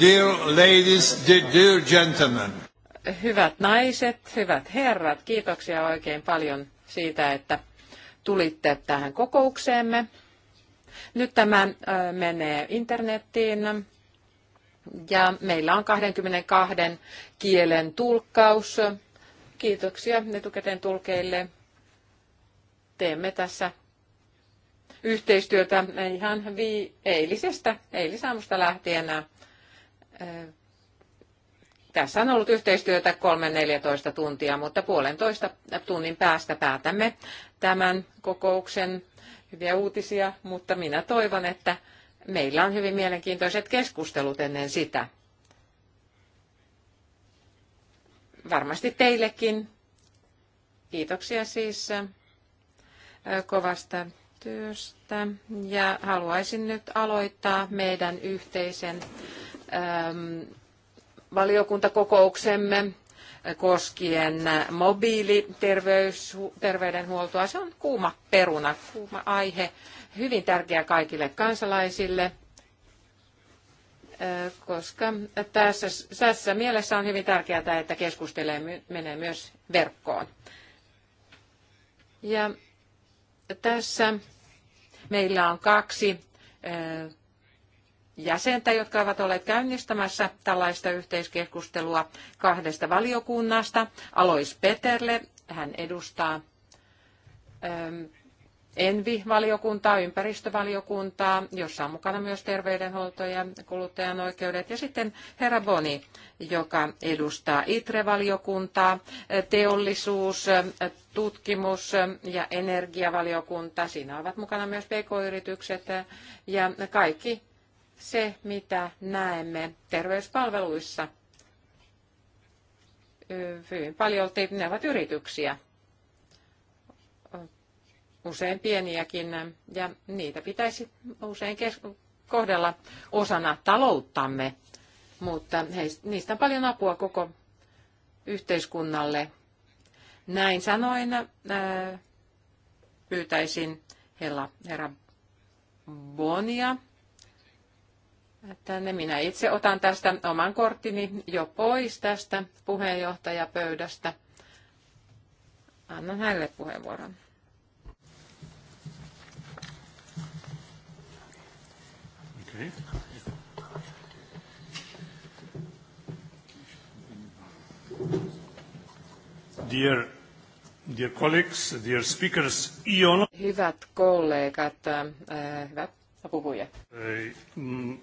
Dear ladies, dear gentlemen. Hyvät naiset, hyvät herrat, kiitoksia oikein paljon siitä, että tulitte tähän kokoukseemme. Nyt tämä menee internettiin ja meillä on 22 kielen tulkkaus. Kiitoksia etukäteen tulkeille. Teemme tässä yhteistyötä ihan vi- eilisestä, eilisaamusta lähtien tässä on ollut yhteistyötä 3-14 tuntia, mutta puolentoista tunnin päästä päätämme tämän kokouksen. Hyviä uutisia, mutta minä toivon, että meillä on hyvin mielenkiintoiset keskustelut ennen sitä. Varmasti teillekin. Kiitoksia siis kovasta työstä ja haluaisin nyt aloittaa meidän yhteisen Ähm, valiokuntakokouksemme koskien mobiiliterveydenhuoltoa. Se on kuuma peruna, kuuma aihe, hyvin tärkeä kaikille kansalaisille, äh, koska tässä, tässä mielessä on hyvin tärkeää, että keskustelee menee myös verkkoon. Ja tässä meillä on kaksi äh, jäsentä, jotka ovat olleet käynnistämässä tällaista yhteiskeskustelua kahdesta valiokunnasta. Alois Peterle, hän edustaa ähm, Envi-valiokuntaa, ympäristövaliokuntaa, jossa on mukana myös terveydenhuolto ja kuluttajan oikeudet. Ja sitten herra Boni, joka edustaa ITRE-valiokuntaa, äh, teollisuus, äh, tutkimus äh, ja energiavaliokunta. Siinä ovat mukana myös pk-yritykset ja kaikki se, mitä näemme terveyspalveluissa hyvin paljon ne ovat yrityksiä, usein pieniäkin, ja niitä pitäisi usein kohdella osana talouttamme, mutta heistä, niistä on paljon apua koko yhteiskunnalle. Näin sanoen ää, äh, pyytäisin herra Bonia tänne. Minä itse otan tästä oman korttini jo pois tästä puheenjohtajapöydästä. Annan hänelle puheenvuoron. Okay. Dear, dear colleagues, dear speakers, Ion. Hyvät kollegat, äh, hyvät puhujat. Äh, mm,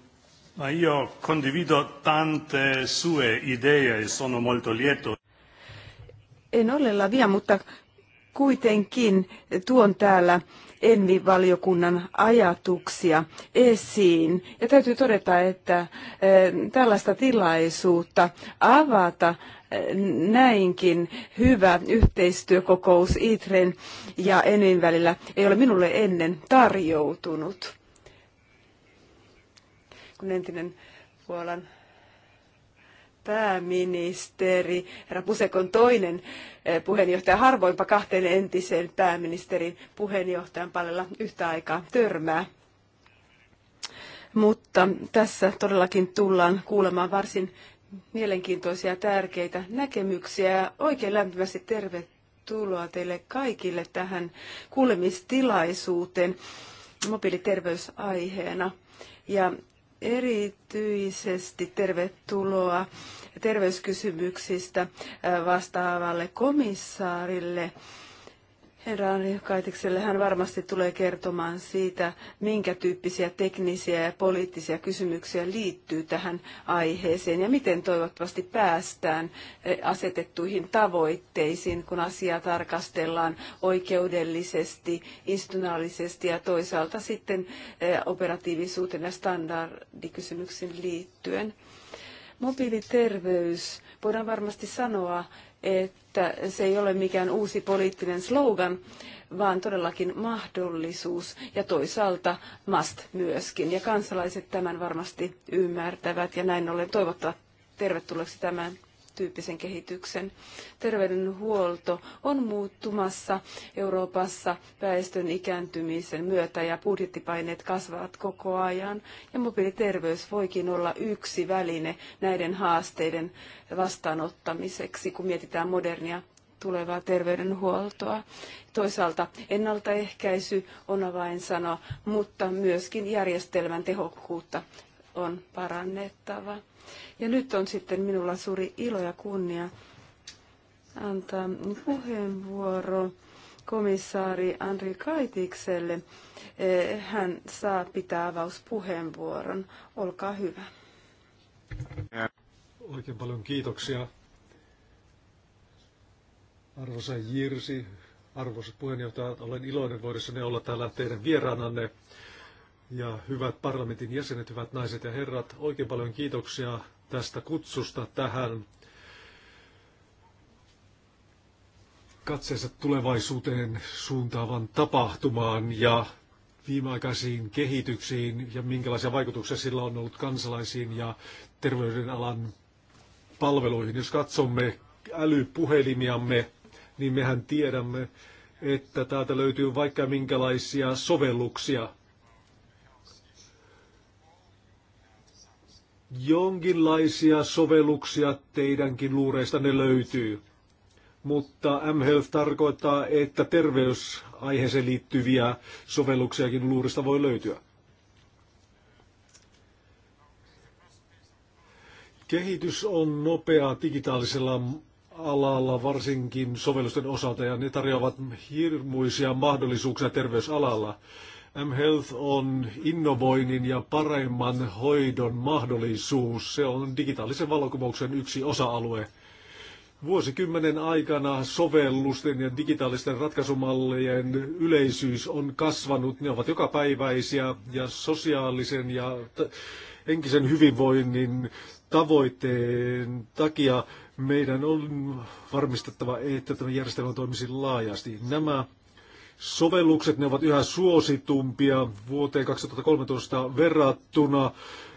Ma io condivido tante sue idee e sono molto lieto. En ole lavia, mutta kuitenkin tuon täällä Envi-valiokunnan ajatuksia esiin. Ja täytyy todeta, että e, tällaista tilaisuutta avata e, näinkin hyvä yhteistyökokous ITREN ja Envin välillä ei ole minulle ennen tarjoutunut kun entinen Puolan pääministeri, herra Pusekon toinen eh, puheenjohtaja, harvoinpa kahteen entiseen pääministerin puheenjohtajan palella yhtä aikaa törmää. Mutta tässä todellakin tullaan kuulemaan varsin mielenkiintoisia ja tärkeitä näkemyksiä. Oikein lämpimästi tervetuloa teille kaikille tähän kuulemistilaisuuteen mobiiliterveysaiheena. Ja erityisesti tervetuloa terveyskysymyksistä vastaavalle komissaarille Herra Anri Kaitikselle hän varmasti tulee kertomaan siitä, minkä tyyppisiä teknisiä ja poliittisia kysymyksiä liittyy tähän aiheeseen ja miten toivottavasti päästään eh, asetettuihin tavoitteisiin, kun asiaa tarkastellaan oikeudellisesti, institutionaalisesti ja toisaalta sitten eh, operatiivisuuteen ja standardikysymyksiin liittyen. Mobiiliterveys, voidaan varmasti sanoa, että se ei ole mikään uusi poliittinen slogan, vaan todellakin mahdollisuus ja toisaalta must myöskin. Ja kansalaiset tämän varmasti ymmärtävät ja näin ollen toivottavat tervetulleeksi tämän tyyppisen kehityksen. Terveydenhuolto on muuttumassa Euroopassa väestön ikääntymisen myötä ja budjettipaineet kasvavat koko ajan. Ja mobiiliterveys voikin olla yksi väline näiden haasteiden vastaanottamiseksi, kun mietitään modernia tulevaa terveydenhuoltoa. Toisaalta ennaltaehkäisy on avainsana, mutta myöskin järjestelmän tehokkuutta on parannettava. Ja nyt on sitten minulla suuri ilo ja kunnia antaa puheenvuoro komissaari Andri Kaitikselle. Eh, hän saa pitää avauspuheenvuoron. Olkaa hyvä. Oikein paljon kiitoksia. Arvoisa Jirsi, arvoisa puheenjohtaja, olen iloinen voidessani olla täällä teidän vieraananne ja hyvät parlamentin jäsenet, hyvät naiset ja herrat, oikein paljon kiitoksia tästä kutsusta tähän katseensa tulevaisuuteen suuntaavan tapahtumaan ja viimeaikaisiin kehityksiin ja minkälaisia vaikutuksia sillä on ollut kansalaisiin ja terveydenalan palveluihin. Jos katsomme älypuhelimiamme, niin mehän tiedämme, että täältä löytyy vaikka minkälaisia sovelluksia – jonkinlaisia sovelluksia teidänkin luureistanne löytyy. Mutta mHealth tarkoittaa, että terveysaiheeseen liittyviä sovelluksiakin luurista voi löytyä. Kehitys on nopeaa digitaalisella alalla, varsinkin sovellusten osalta, ja ne tarjoavat hirmuisia mahdollisuuksia terveysalalla mHealth on innovoinnin ja paremman hoidon mahdollisuus. Se on digitaalisen valokumouksen yksi osa-alue. Vuosikymmenen aikana sovellusten ja digitaalisten ratkaisumallien yleisyys on kasvanut. Ne ovat jokapäiväisiä ja sosiaalisen ja henkisen hyvinvoinnin tavoitteen takia meidän on varmistettava, että tämä järjestelmä toimisi laajasti. Nämä Sovellukset, ne ovat yhä suositumpia vuoteen 2013 verrattuna.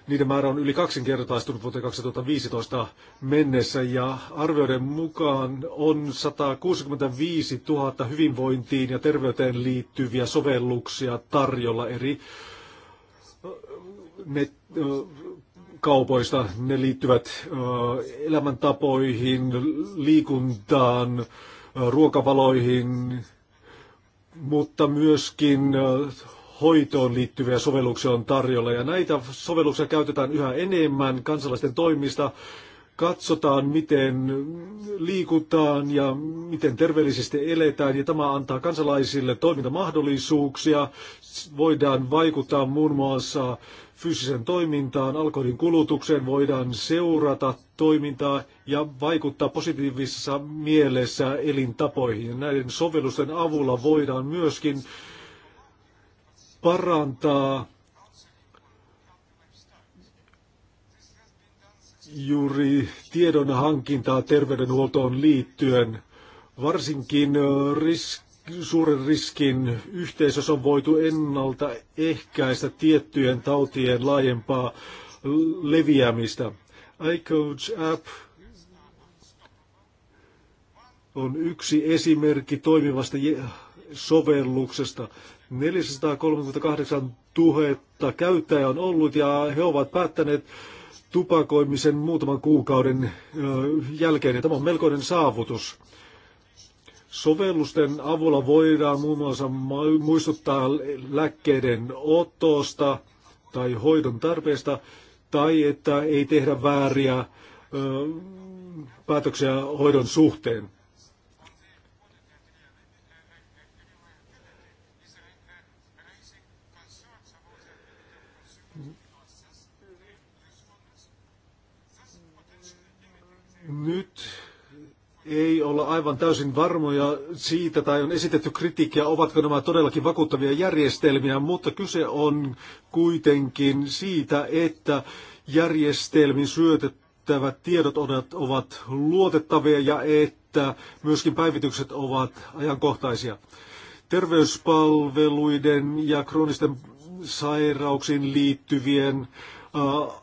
Niiden määrä on yli kaksinkertaistunut vuoteen 2015 mennessä ja arvioiden mukaan on 165 000 hyvinvointiin ja terveyteen liittyviä sovelluksia tarjolla eri äh, net, äh, kaupoista. Ne liittyvät äh, elämäntapoihin, liikuntaan, ruokavaloihin, mutta myöskin äh, hoitoon liittyviä sovelluksia on tarjolla ja näitä sovelluksia käytetään yhä enemmän kansalaisten toimista katsotaan, miten liikutaan ja miten terveellisesti eletään, ja tämä antaa kansalaisille toimintamahdollisuuksia. Voidaan vaikuttaa muun muassa fyysisen toimintaan, alkoholin kulutukseen, voidaan seurata toimintaa ja vaikuttaa positiivisessa mielessä elintapoihin. Näiden sovellusten avulla voidaan myöskin parantaa juuri tiedon hankintaa terveydenhuoltoon liittyen. Varsinkin risk, suuren riskin yhteisössä on voitu ennalta ehkäistä tiettyjen tautien laajempaa leviämistä. iCoach App on yksi esimerkki toimivasta sovelluksesta. 438 000 käyttäjä on ollut ja he ovat päättäneet tupakoimisen muutaman kuukauden jälkeen. Ja tämä on melkoinen saavutus. Sovellusten avulla voidaan muun muassa muistuttaa lääkkeiden otosta tai hoidon tarpeesta, tai että ei tehdä vääriä ö, päätöksiä hoidon suhteen. Nyt ei olla aivan täysin varmoja siitä, tai on esitetty kritiikkiä, ovatko nämä todellakin vakuuttavia järjestelmiä, mutta kyse on kuitenkin siitä, että järjestelmin syötettävät tiedot ovat luotettavia ja että myöskin päivitykset ovat ajankohtaisia. Terveyspalveluiden ja kroonisten sairauksiin liittyvien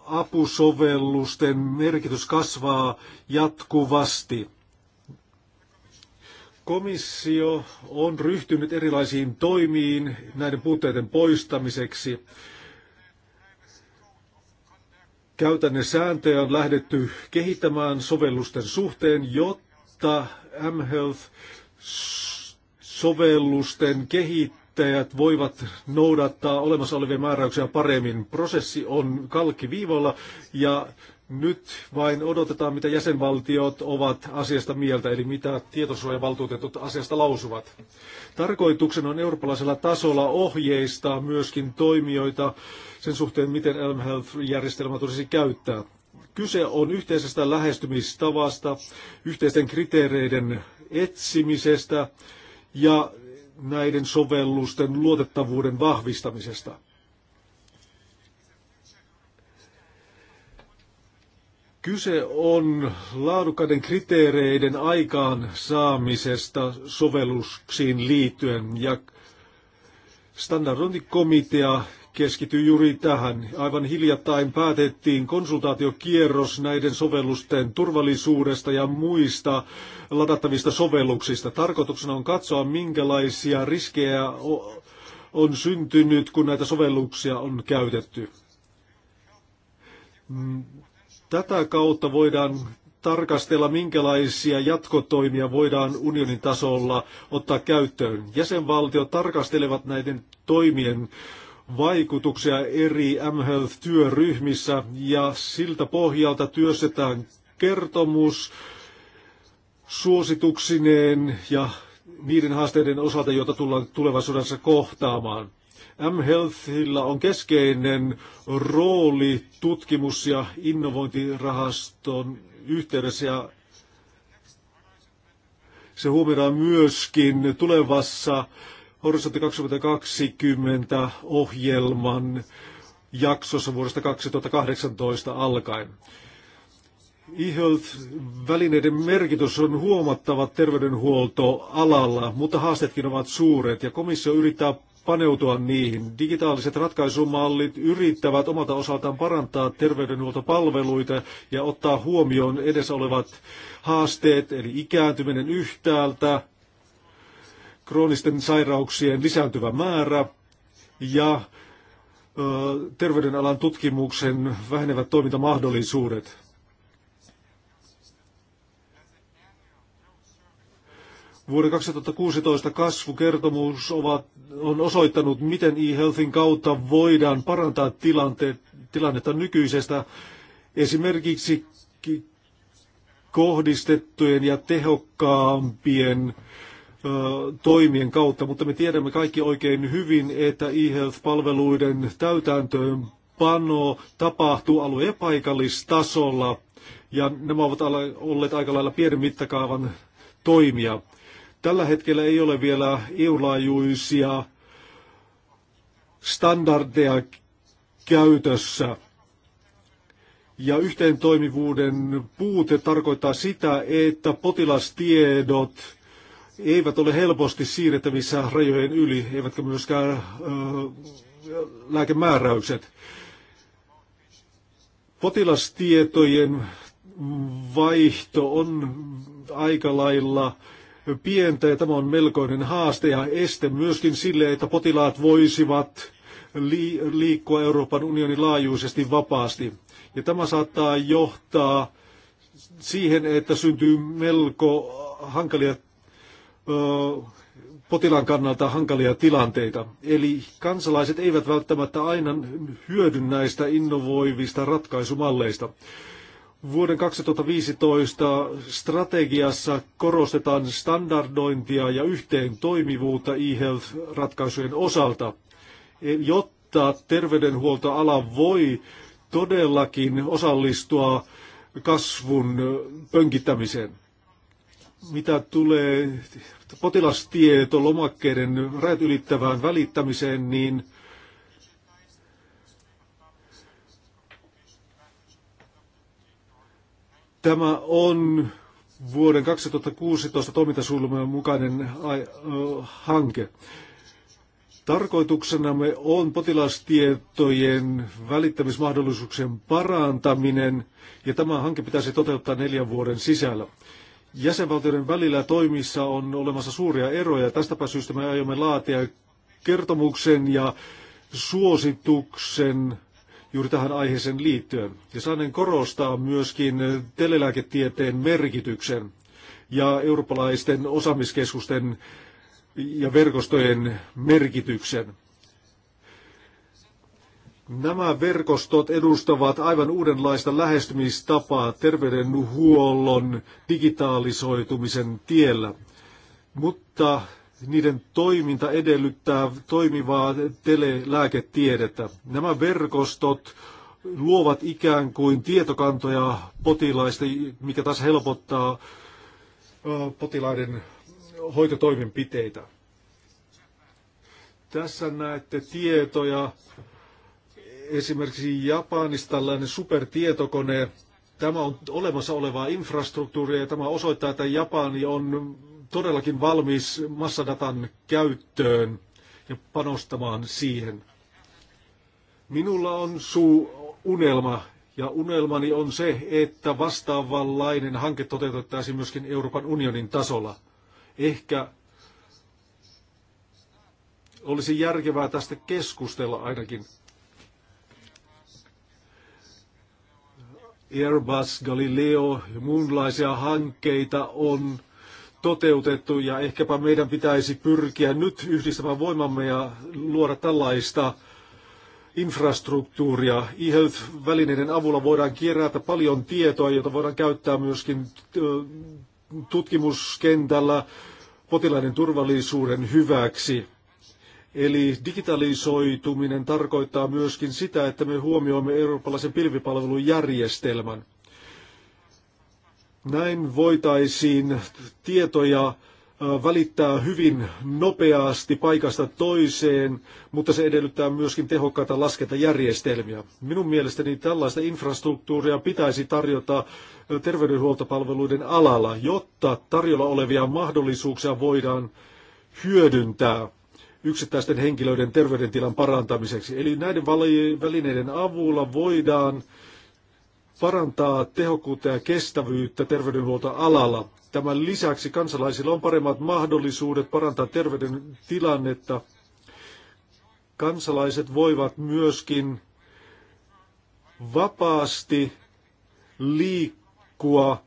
apusovellusten merkitys kasvaa jatkuvasti. Komissio on ryhtynyt erilaisiin toimiin näiden puutteiden poistamiseksi. Käytännön sääntöjä on lähdetty kehittämään sovellusten suhteen, jotta mHealth sovellusten kehittäminen yrittäjät voivat noudattaa olemassa olevia määräyksiä paremmin. Prosessi on kalkkiviivalla ja nyt vain odotetaan, mitä jäsenvaltiot ovat asiasta mieltä, eli mitä tietosuojavaltuutetut asiasta lausuvat. Tarkoituksen on eurooppalaisella tasolla ohjeistaa myöskin toimijoita sen suhteen, miten Elm Health-järjestelmä tulisi käyttää. Kyse on yhteisestä lähestymistavasta, yhteisten kriteereiden etsimisestä ja näiden sovellusten luotettavuuden vahvistamisesta. Kyse on laadukkaiden kriteereiden aikaan saamisesta sovelluksiin liittyen ja standardointikomitea keskityy juuri tähän. Aivan hiljattain päätettiin konsultaatiokierros näiden sovellusten turvallisuudesta ja muista ladattavista sovelluksista. Tarkoituksena on katsoa, minkälaisia riskejä on syntynyt, kun näitä sovelluksia on käytetty. Mm, tätä kautta voidaan tarkastella, minkälaisia jatkotoimia voidaan unionin tasolla ottaa käyttöön. Jäsenvaltiot tarkastelevat näiden toimien vaikutuksia eri mHealth-työryhmissä ja siltä pohjalta työstetään kertomus suosituksineen ja niiden haasteiden osalta, joita tullaan tulevaisuudessa kohtaamaan. mHealthilla on keskeinen rooli tutkimus- ja innovointirahaston yhteydessä ja se huomioidaan myöskin tulevassa Horisontti 2020 ohjelman jaksossa vuodesta 2018 alkaen. E-health-välineiden merkitys on huomattava terveydenhuoltoalalla, mutta haasteetkin ovat suuret ja komissio yrittää paneutua niihin. Digitaaliset ratkaisumallit yrittävät omalta osaltaan parantaa terveydenhuoltopalveluita ja ottaa huomioon edessä olevat haasteet, eli ikääntyminen yhtäältä, kroonisten sairauksien lisääntyvä määrä ja terveydenalan tutkimuksen vähenevät toimintamahdollisuudet. Vuoden 2016 kasvukertomus ovat, on osoittanut, miten e-healthin kautta voidaan parantaa tilante, tilannetta nykyisestä esimerkiksi kohdistettujen ja tehokkaampien toimien kautta, mutta me tiedämme kaikki oikein hyvin, että e-health-palveluiden pano tapahtuu alueen paikallistasolla, ja nämä ovat olleet aika lailla pienen mittakaavan toimia. Tällä hetkellä ei ole vielä EU-laajuisia standardeja käytössä. Ja yhteentoimivuuden puute tarkoittaa sitä, että potilastiedot eivät ole helposti siirrettävissä rajojen yli, eivätkä myöskään lääkemääräykset. Potilastietojen vaihto on aika lailla pientä ja tämä on melkoinen haaste ja este myöskin sille, että potilaat voisivat liikkua Euroopan unionin laajuisesti vapaasti. Ja tämä saattaa johtaa siihen, että syntyy melko hankalia potilaan kannalta hankalia tilanteita. Eli kansalaiset eivät välttämättä aina hyödy näistä innovoivista ratkaisumalleista. Vuoden 2015 strategiassa korostetaan standardointia ja yhteen toimivuutta e-health-ratkaisujen osalta, jotta terveydenhuoltoala voi todellakin osallistua kasvun pönkittämiseen mitä tulee potilastieto lomakkeiden rajat ylittävään välittämiseen, niin tämä on vuoden 2016 toimintasuunnitelman mukainen hanke. Tarkoituksenamme on potilastietojen välittämismahdollisuuksien parantaminen, ja tämä hanke pitäisi toteuttaa neljän vuoden sisällä jäsenvaltioiden välillä toimissa on olemassa suuria eroja. Tästäpä syystä me aiomme laatia kertomuksen ja suosituksen juuri tähän aiheeseen liittyen. Ja saanen korostaa myöskin telelääketieteen merkityksen ja eurooppalaisten osaamiskeskusten ja verkostojen merkityksen. Nämä verkostot edustavat aivan uudenlaista lähestymistapaa terveydenhuollon digitaalisoitumisen tiellä, mutta niiden toiminta edellyttää toimivaa telelääketiedettä. Nämä verkostot luovat ikään kuin tietokantoja potilaista, mikä taas helpottaa potilaiden hoitotoimenpiteitä. Tässä näette tietoja esimerkiksi Japanissa tällainen supertietokone, tämä on olemassa olevaa infrastruktuuria ja tämä osoittaa, että Japani on todellakin valmis massadatan käyttöön ja panostamaan siihen. Minulla on suu unelma ja unelmani on se, että vastaavanlainen hanke toteutettaisiin myöskin Euroopan unionin tasolla. Ehkä olisi järkevää tästä keskustella ainakin. Airbus, Galileo ja muunlaisia hankkeita on toteutettu ja ehkäpä meidän pitäisi pyrkiä nyt yhdistämään voimamme ja luoda tällaista infrastruktuuria. E-health-välineiden avulla voidaan kerätä paljon tietoa, jota voidaan käyttää myöskin tutkimuskentällä potilaiden turvallisuuden hyväksi. Eli digitalisoituminen tarkoittaa myöskin sitä, että me huomioimme eurooppalaisen pilvipalvelujärjestelmän. Näin voitaisiin tietoja äh, välittää hyvin nopeasti paikasta toiseen, mutta se edellyttää myöskin tehokkaita laskentajärjestelmiä. Minun mielestäni tällaista infrastruktuuria pitäisi tarjota äh, terveydenhuoltopalveluiden alalla, jotta tarjolla olevia mahdollisuuksia voidaan hyödyntää yksittäisten henkilöiden terveydentilan parantamiseksi. Eli näiden välineiden avulla voidaan parantaa tehokkuutta ja kestävyyttä terveydenhuoltoalalla. Tämän lisäksi kansalaisilla on paremmat mahdollisuudet parantaa terveyden Kansalaiset voivat myöskin vapaasti liikkua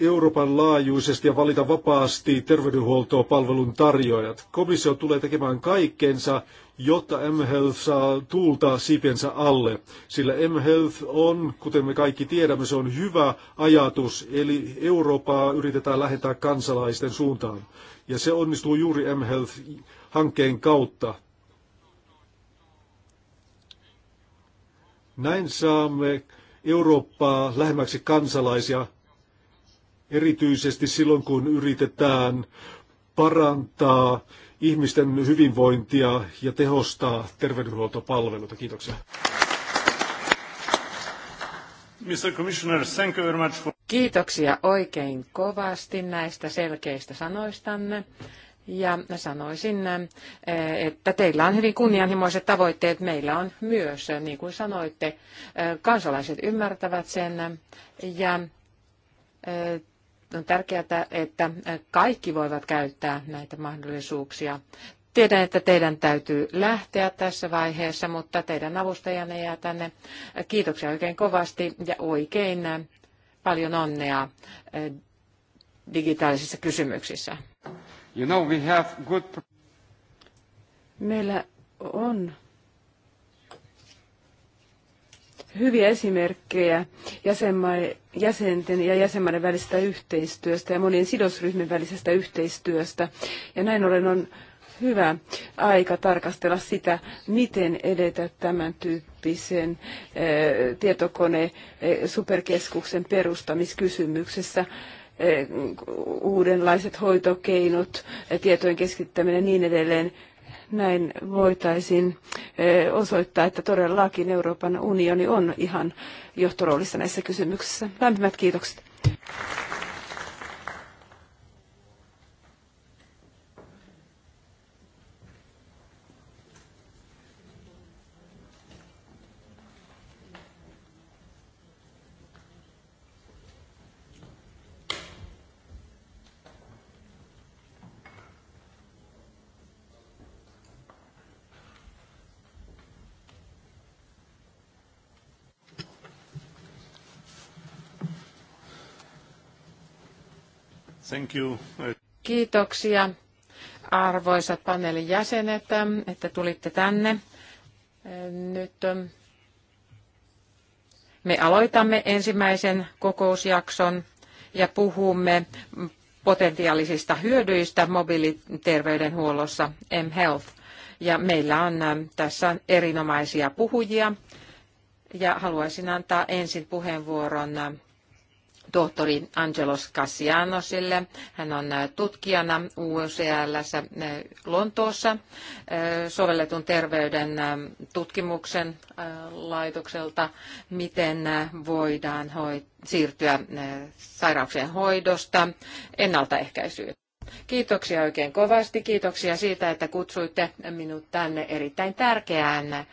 Euroopan laajuisesti ja valita vapaasti terveydenhuoltopalvelun tarjoajat. Komissio tulee tekemään kaikkensa, jotta M-health saa tuulta siipiensä alle, sillä M-health on, kuten me kaikki tiedämme, se on hyvä ajatus, eli Eurooppaa yritetään lähettää kansalaisten suuntaan. Ja se onnistuu juuri health hankkeen kautta. Näin saamme Eurooppaa lähemmäksi kansalaisia erityisesti silloin, kun yritetään parantaa ihmisten hyvinvointia ja tehostaa terveydenhuoltopalveluita. Kiitoksia. Mr. Commissioner, thank you very much for... Kiitoksia oikein kovasti näistä selkeistä sanoistanne. Ja sanoisin, eh, että teillä on hyvin kunnianhimoiset tavoitteet. Meillä on myös, eh, niin kuin sanoitte, eh, kansalaiset ymmärtävät sen. Ja on tärkeää, että kaikki voivat käyttää näitä mahdollisuuksia. Tiedän, että teidän täytyy lähteä tässä vaiheessa, mutta teidän avustajanne jää tänne. Kiitoksia oikein kovasti ja oikein paljon onnea eh, digitaalisissa kysymyksissä. You know, we have good... Meillä on hyviä esimerkkejä jäsenten ja jäsenmaiden välisestä yhteistyöstä ja monien sidosryhmien välisestä yhteistyöstä. Ja näin ollen on hyvä aika tarkastella sitä, miten edetä tämän tyyppisen eh, tietokone-superkeskuksen eh, perustamiskysymyksessä eh, uudenlaiset hoitokeinot, tietojen keskittäminen ja niin edelleen näin voitaisiin osoittaa, että todellakin Euroopan unioni on ihan johtoroolissa näissä kysymyksissä. Lämpimät kiitokset. Thank you. Kiitoksia arvoisat paneelin jäsenet, että tulitte tänne. Nyt ähm, me aloitamme ensimmäisen kokousjakson ja puhumme potentiaalisista hyödyistä mobiiliterveydenhuollossa mHealth. Ja meillä on ähm, tässä erinomaisia puhujia. Ja haluaisin antaa ensin puheenvuoron ähm, tohtori Angelos Cassianosille. Hän on äh, tutkijana UCLssä äh, Lontoossa äh, sovelletun terveyden tutkimuksen laitokselta, miten voidaan siirtyä sairauksien hoidosta ennaltaehkäisyyn. Kiitoksia oikein kovasti. Kiitoksia siitä, että kutsuitte minut tänne erittäin tärkeään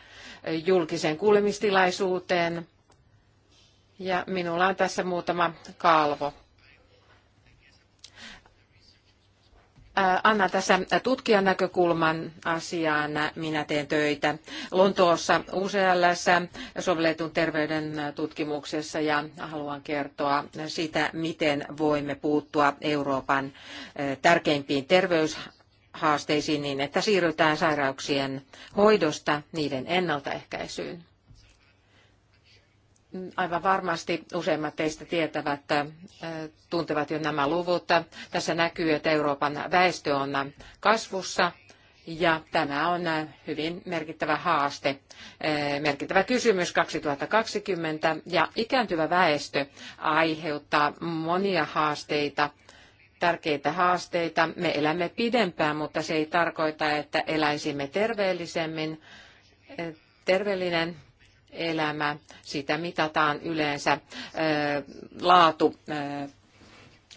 julkiseen kuulemistilaisuuteen ja minulla on tässä muutama kalvo. Anna tässä tutkijan näkökulman asiaan. Minä teen töitä Lontoossa UCLssä sovelletun terveyden tutkimuksessa ja haluan kertoa sitä, miten voimme puuttua Euroopan tärkeimpiin terveyshaasteisiin niin, että siirrytään sairauksien hoidosta niiden ennaltaehkäisyyn. Aivan varmasti useimmat teistä tietävät, äh, tuntevat jo nämä luvut. Tässä näkyy, että Euroopan väestö on kasvussa ja tämä on äh, hyvin merkittävä haaste, äh, merkittävä kysymys 2020 ja ikääntyvä väestö aiheuttaa monia haasteita, tärkeitä haasteita. Me elämme pidempään, mutta se ei tarkoita, että eläisimme terveellisemmin. Terveellinen elämä, sitä mitataan yleensä laatu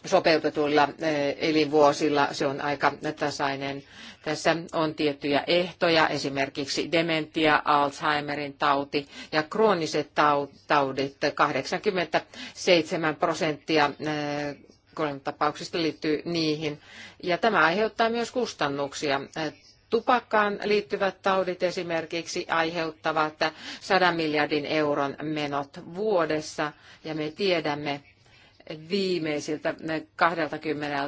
sopeutetuilla elinvuosilla. Se on aika tasainen. Tässä on tiettyjä ehtoja, esimerkiksi dementia, Alzheimerin tauti ja krooniset taudit. 87 prosenttia kolme tapauksista liittyy niihin. Ja tämä aiheuttaa myös kustannuksia tupakkaan liittyvät taudit esimerkiksi aiheuttavat 100 miljardin euron menot vuodessa ja me tiedämme viimeisiltä 20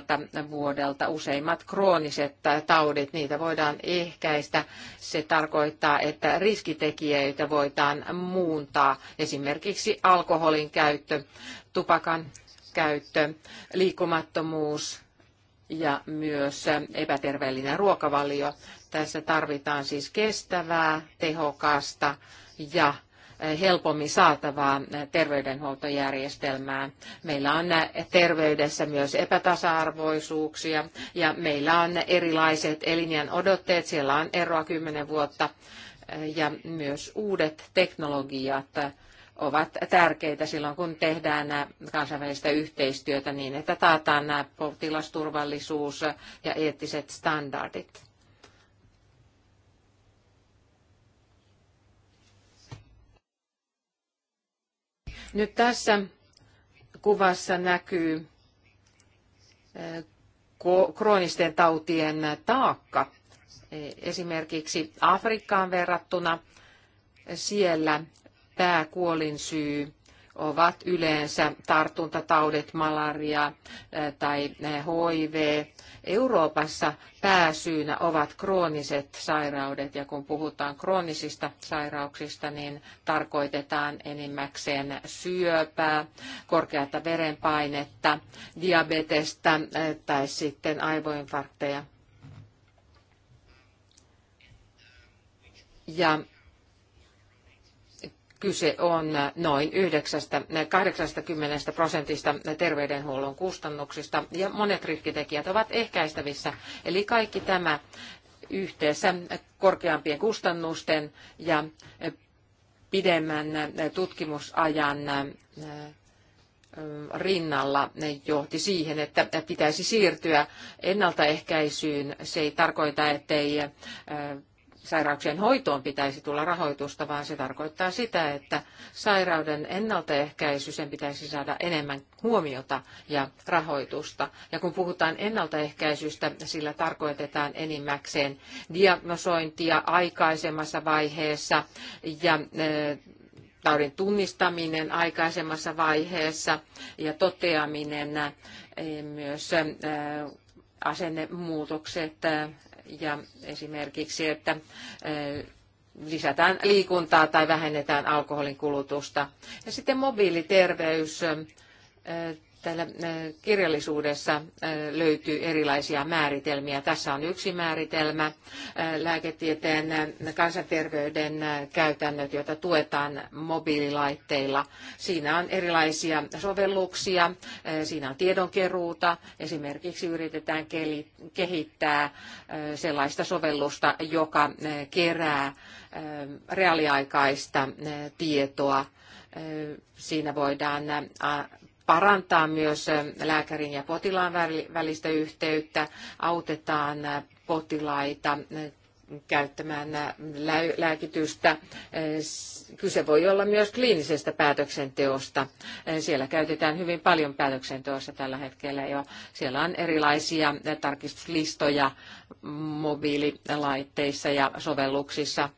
vuodelta useimmat krooniset taudit, niitä voidaan ehkäistä. Se tarkoittaa, että riskitekijöitä voidaan muuntaa, esimerkiksi alkoholin käyttö, tupakan käyttö, liikkumattomuus, ja myös epäterveellinen ruokavalio. Tässä tarvitaan siis kestävää, tehokasta ja helpommin saatavaa terveydenhuoltojärjestelmää. Meillä on terveydessä myös epätasa-arvoisuuksia ja meillä on erilaiset elinjän odotteet. Siellä on eroa kymmenen vuotta ja myös uudet teknologiat ovat tärkeitä silloin, kun tehdään kansainvälistä yhteistyötä niin, että taataan nämä potilasturvallisuus ja eettiset standardit. Nyt tässä kuvassa näkyy eh, kroonisten tautien taakka. Eh, esimerkiksi Afrikkaan verrattuna siellä pääkuolinsyy ovat yleensä tartuntataudit, malaria eh, tai HIV. Eh, Euroopassa pääsyynä ovat krooniset sairaudet, ja kun puhutaan kroonisista sairauksista, niin tarkoitetaan enimmäkseen syöpää, korkeata verenpainetta, diabetesta eh, tai sitten aivoinfarkteja. Ja kyse on noin 80 prosentista terveydenhuollon kustannuksista ja monet riskitekijät ovat ehkäistävissä. Eli kaikki tämä yhteensä korkeampien kustannusten ja pidemmän tutkimusajan rinnalla johti siihen, että pitäisi siirtyä ennaltaehkäisyyn. Se ei tarkoita, ettei sairauksien hoitoon pitäisi tulla rahoitusta, vaan se tarkoittaa sitä, että sairauden ennaltaehkäisy, sen pitäisi saada enemmän huomiota ja rahoitusta. Ja kun puhutaan ennaltaehkäisystä, sillä tarkoitetaan enimmäkseen diagnosointia aikaisemmassa vaiheessa ja e, taudin tunnistaminen aikaisemmassa vaiheessa ja toteaminen e, myös e, asennemuutokset, ja esimerkiksi, että eh, lisätään liikuntaa tai vähennetään alkoholin kulutusta. Ja sitten mobiiliterveys. Eh, Täällä kirjallisuudessa löytyy erilaisia määritelmiä. Tässä on yksi määritelmä, lääketieteen kansanterveyden käytännöt, joita tuetaan mobiililaitteilla. Siinä on erilaisia sovelluksia, siinä on tiedonkeruuta. Esimerkiksi yritetään kehittää sellaista sovellusta, joka kerää reaaliaikaista tietoa. Siinä voidaan parantaa myös lääkärin ja potilaan välistä yhteyttä, autetaan potilaita käyttämään lääkitystä. Kyse voi olla myös kliinisestä päätöksenteosta. Siellä käytetään hyvin paljon päätöksenteossa tällä hetkellä jo. Siellä on erilaisia tarkistuslistoja mobiililaitteissa ja sovelluksissa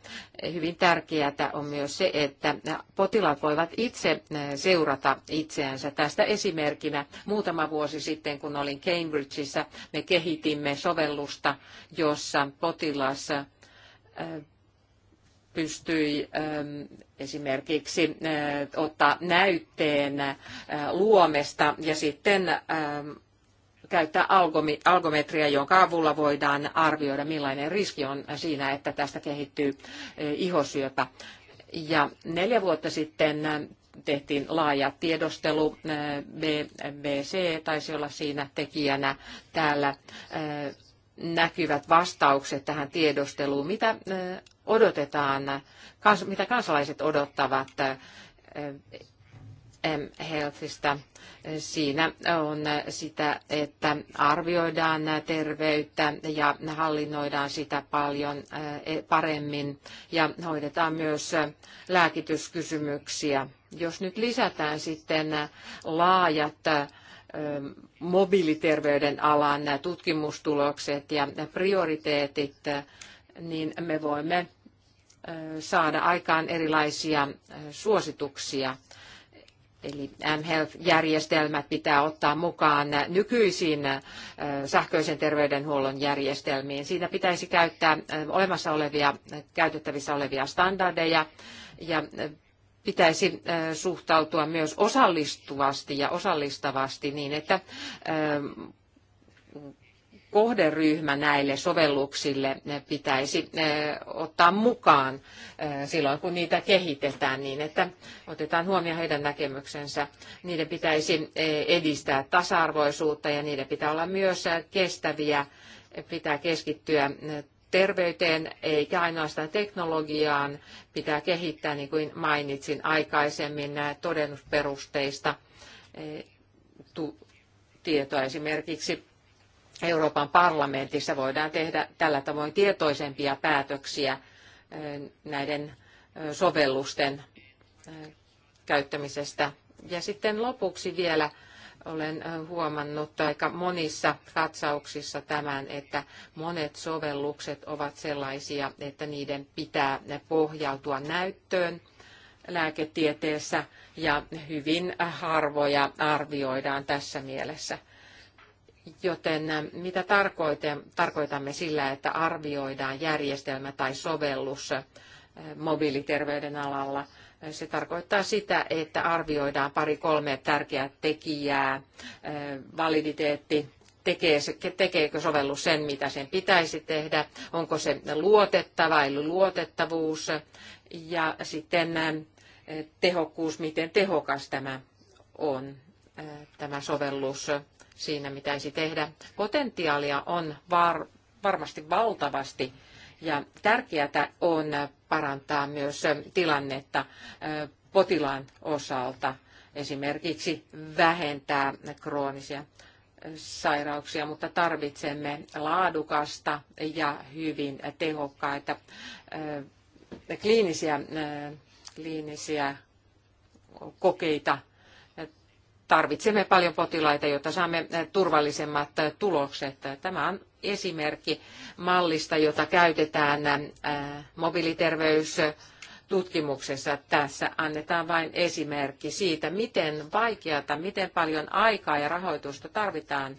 hyvin tärkeää on myös se, että potilaat voivat itse seurata itseänsä. Tästä esimerkkinä muutama vuosi sitten, kun olin Cambridgeissa, me kehitimme sovellusta, jossa potilas pystyi esimerkiksi ottaa näytteen luomesta ja sitten käyttää algometria, jonka avulla voidaan arvioida, millainen riski on siinä, että tästä kehittyy ihosyöpä. Ja neljä vuotta sitten tehtiin laaja tiedostelu, BBC taisi olla siinä tekijänä täällä näkyvät vastaukset tähän tiedosteluun, mitä odotetaan, mitä kansalaiset odottavat Healthista. Siinä on sitä, että arvioidaan terveyttä ja hallinnoidaan sitä paljon eh, e, paremmin ja hoidetaan myös lääkityskysymyksiä. Jos nyt lisätään sitten laajat eh, mobiiliterveyden alan tutkimustulokset ja prioriteetit, niin me voimme eh, saada aikaan erilaisia suosituksia Eli mHealth-järjestelmät pitää ottaa mukaan nykyisiin sähköisen terveydenhuollon järjestelmiin. Siinä pitäisi käyttää olemassa olevia, käytettävissä olevia standardeja ja pitäisi suhtautua myös osallistuvasti ja osallistavasti niin, että kohderyhmä näille sovelluksille pitäisi ottaa mukaan silloin, kun niitä kehitetään niin, että otetaan huomioon heidän näkemyksensä. Niiden pitäisi e, edistää tasa-arvoisuutta ja niiden pitää olla myös kestäviä. Pitää keskittyä e, terveyteen eikä ainoastaan teknologiaan. Pitää kehittää, niin kuin mainitsin aikaisemmin, todennusperusteista e, tietoa esimerkiksi Euroopan parlamentissa voidaan tehdä tällä tavoin tietoisempia päätöksiä eh, näiden eh, sovellusten eh, käyttämisestä. Ja sitten lopuksi vielä olen huomannut aika monissa katsauksissa tämän, että monet sovellukset ovat sellaisia, että niiden pitää pohjautua näyttöön lääketieteessä ja hyvin harvoja arvioidaan tässä mielessä. Joten mitä tarkoitamme sillä, että arvioidaan järjestelmä tai sovellus mobiiliterveyden alalla? Se tarkoittaa sitä, että arvioidaan pari-kolme tärkeää tekijää, validiteetti, tekeekö sovellus sen, mitä sen pitäisi tehdä, onko se luotettava, eli luotettavuus, ja sitten tehokkuus, miten tehokas tämä on tämä sovellus siinä, mitä ei tehdä. Potentiaalia on var, varmasti valtavasti ja tärkeää on parantaa myös tilannetta potilaan osalta, esimerkiksi vähentää kroonisia sairauksia, mutta tarvitsemme laadukasta ja hyvin tehokkaita kliinisiä, kliinisiä kokeita tarvitsemme paljon potilaita, jotta saamme eh, turvallisemmat eh, tulokset. Tämä on esimerkki mallista, jota käytetään eh, mobiiliterveystutkimuksessa. tässä annetaan vain esimerkki siitä, miten vaikeata, miten paljon aikaa ja rahoitusta tarvitaan,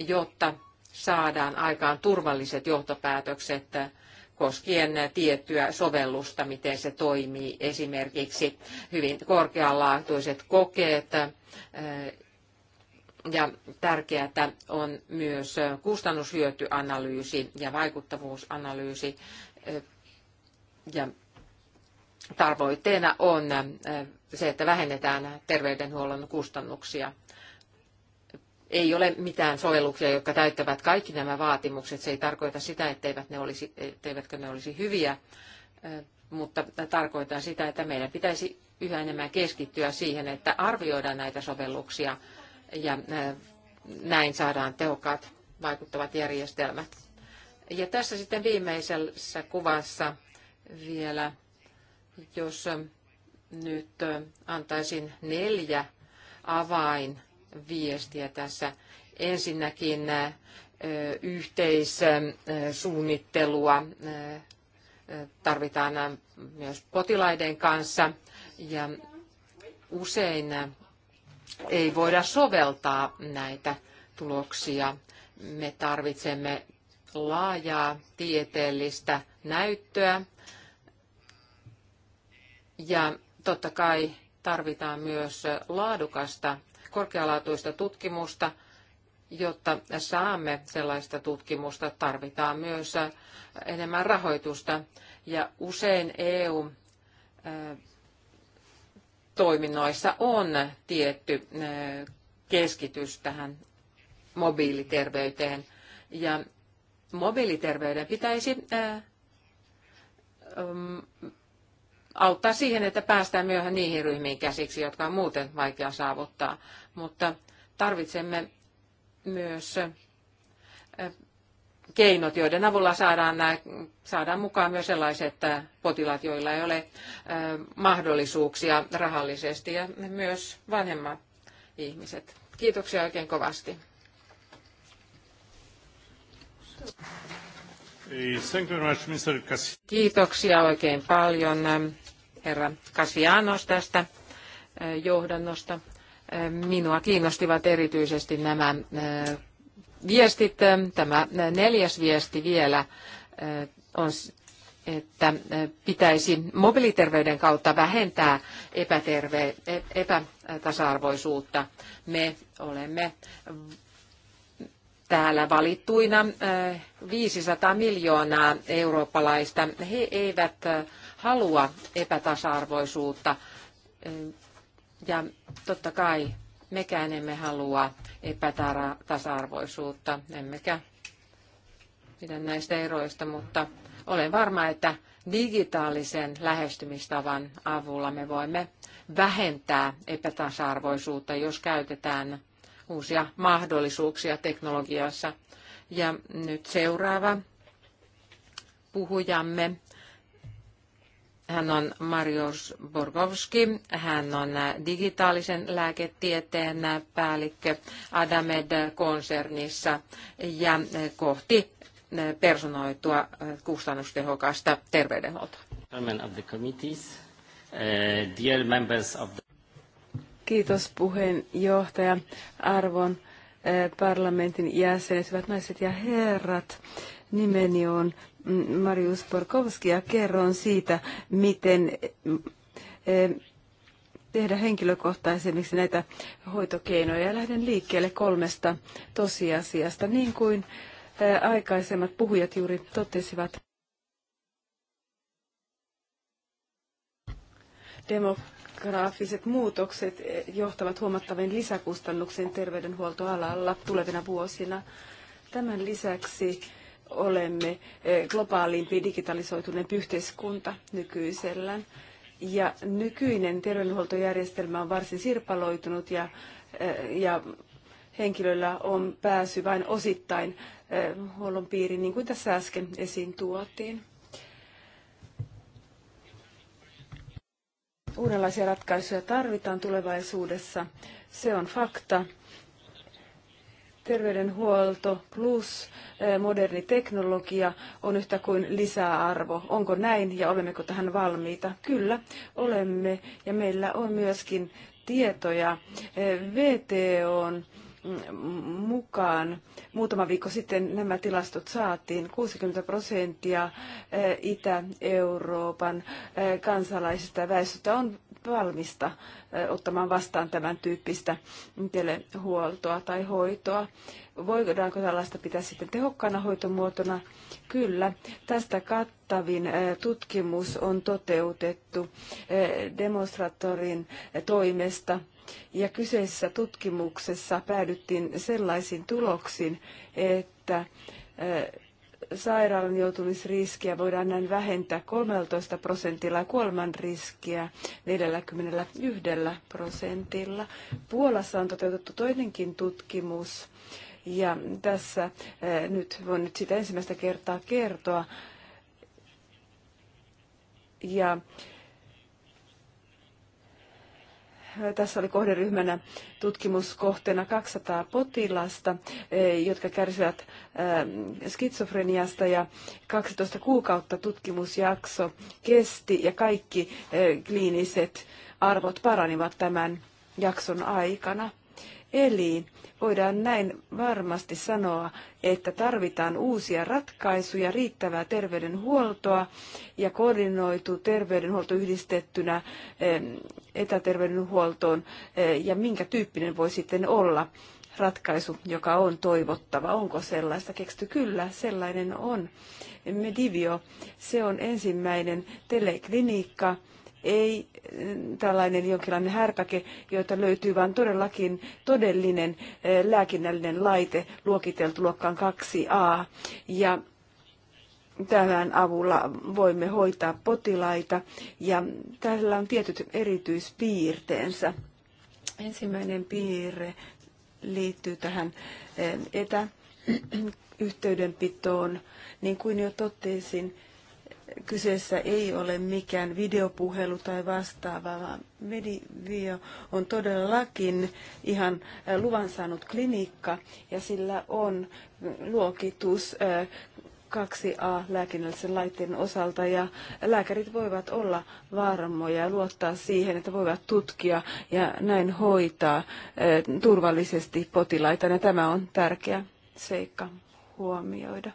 jotta saadaan aikaan turvalliset johtopäätökset koskien tiettyä sovellusta, miten se toimii. Esimerkiksi hyvin korkealaatuiset kokeet ja tärkeää on myös kustannushyötyanalyysi ja vaikuttavuusanalyysi. Ja tavoitteena on se, että vähennetään terveydenhuollon kustannuksia ei ole mitään sovelluksia, jotka täyttävät kaikki nämä vaatimukset. Se ei tarkoita sitä, etteivät ne olisi, etteivätkö ne olisi hyviä, mutta tarkoittaa sitä, että meidän pitäisi yhä enemmän keskittyä siihen, että arvioidaan näitä sovelluksia ja näin saadaan tehokkaat vaikuttavat järjestelmät. Ja tässä sitten viimeisessä kuvassa vielä, jos nyt antaisin neljä avain viestiä tässä. Ensinnäkin yhteissuunnittelua tarvitaan myös potilaiden kanssa ja usein ei voida soveltaa näitä tuloksia. Me tarvitsemme laajaa tieteellistä näyttöä ja totta kai tarvitaan myös laadukasta korkealaatuista tutkimusta. Jotta saamme sellaista tutkimusta, tarvitaan myös äh, enemmän rahoitusta. Ja usein EU äh, toiminnoissa on tietty äh, keskitys tähän mobiiliterveyteen. Ja mobiiliterveyden pitäisi auttaa siihen, että päästään myöhään niihin ryhmiin käsiksi, jotka on muuten vaikea saavuttaa. Mutta tarvitsemme myös keinot, joiden avulla saadaan, nämä, saadaan mukaan myös sellaiset potilaat, joilla ei ole mahdollisuuksia rahallisesti ja myös vanhemmat ihmiset. Kiitoksia oikein kovasti. Kiitoksia oikein paljon herra Kasvianos tästä johdannosta. Minua kiinnostivat erityisesti nämä viestit. Tämä neljäs viesti vielä on, että pitäisi mobiiliterveyden kautta vähentää epäterve, e, epätasa-arvoisuutta. Me olemme täällä valittuina 500 miljoonaa eurooppalaista. He eivät halua epätasa-arvoisuutta ja totta kai mekään emme halua epätasa-arvoisuutta, emmekä pidä näistä eroista, mutta olen varma, että digitaalisen lähestymistavan avulla me voimme vähentää epätasa-arvoisuutta, jos käytetään uusia mahdollisuuksia teknologiassa. Ja nyt seuraava puhujamme hän on Marius Borgovski, hän on äh, digitaalisen lääketieteen äh, päällikkö Adamed-konsernissa ja äh, kohti personoitua kustannustehokasta terveydenhuoltoa. Uh, Kiitos puheenjohtaja, arvon parlamentin jäsenet, hyvät naiset ja herrat. Nimeni on Marius ja Kerron siitä, miten eh, tehdä henkilökohtaisemmiksi näitä hoitokeinoja. Lähden liikkeelle kolmesta tosiasiasta, niin kuin eh, aikaisemmat puhujat juuri totesivat. Demograafiset muutokset eh, johtavat huomattavien lisäkustannuksiin terveydenhuoltoalalla tulevina vuosina. Tämän lisäksi olemme eh, globaalimpi digitalisoituneempi yhteiskunta nykyisellään. Ja nykyinen terveydenhuoltojärjestelmä on varsin sirpaloitunut ja, eh, ja henkilöllä on pääsy vain osittain eh, huollon piiriin, niin kuin tässä äsken esiin tuotiin. Uudenlaisia ratkaisuja tarvitaan tulevaisuudessa, se on fakta terveydenhuolto plus eh, moderni teknologia on yhtä kuin lisäarvo. Onko näin ja olemmeko tähän valmiita? Kyllä, olemme ja meillä on myöskin tietoja eh, on mm, mukaan. Muutama viikko sitten nämä tilastot saatiin. 60 prosenttia eh, Itä-Euroopan kansalaisista väestöstä on valmista ottamaan vastaan tämän tyyppistä telehuoltoa tai hoitoa. Voidaanko tällaista pitää sitten tehokkaana hoitomuotona? Kyllä. Tästä kattavin tutkimus on toteutettu demonstratorin toimesta ja kyseisessä tutkimuksessa päädyttiin sellaisiin tuloksiin, että sairaalan joutumisriskiä voidaan näin vähentää 13 prosentilla ja kuoleman riskiä 41 prosentilla. Puolassa on toteutettu toinenkin tutkimus ja tässä eh, nyt voin nyt sitä ensimmäistä kertaa kertoa. Ja tässä oli kohderyhmänä tutkimuskohteena 200 potilasta, e, jotka kärsivät e, skitsofreniasta ja 12 kuukautta tutkimusjakso kesti ja kaikki e, kliiniset arvot paranivat tämän jakson aikana. Eli voidaan näin varmasti sanoa, että tarvitaan uusia ratkaisuja, riittävää terveydenhuoltoa ja koordinoitu terveydenhuolto yhdistettynä etäterveydenhuoltoon eh, ja minkä tyyppinen voi sitten olla ratkaisu, joka on toivottava. Onko sellaista keksitty? Kyllä, sellainen on. Medivio, se on ensimmäinen teleklinikka, ei eh, tällainen jonkinlainen härpäke, joita löytyy, vaan todellakin todellinen eh, lääkinnällinen laite luokiteltu luokkaan 2A. Ja tämän avulla voimme hoitaa potilaita ja tällä on tietyt erityispiirteensä. Ensimmäinen piirre liittyy tähän eh, etäyhteydenpitoon. niin kuin jo totesin, kyseessä ei ole mikään videopuhelu tai vastaava, vaan Medivio on todellakin ihan äh, luvan saanut klinikka ja sillä on luokitus 2A äh, lääkinnällisen laitteen osalta ja lääkärit voivat olla varmoja ja luottaa siihen, että voivat tutkia ja näin hoitaa äh, turvallisesti potilaita. Ja tämä on tärkeä seikka huomioida.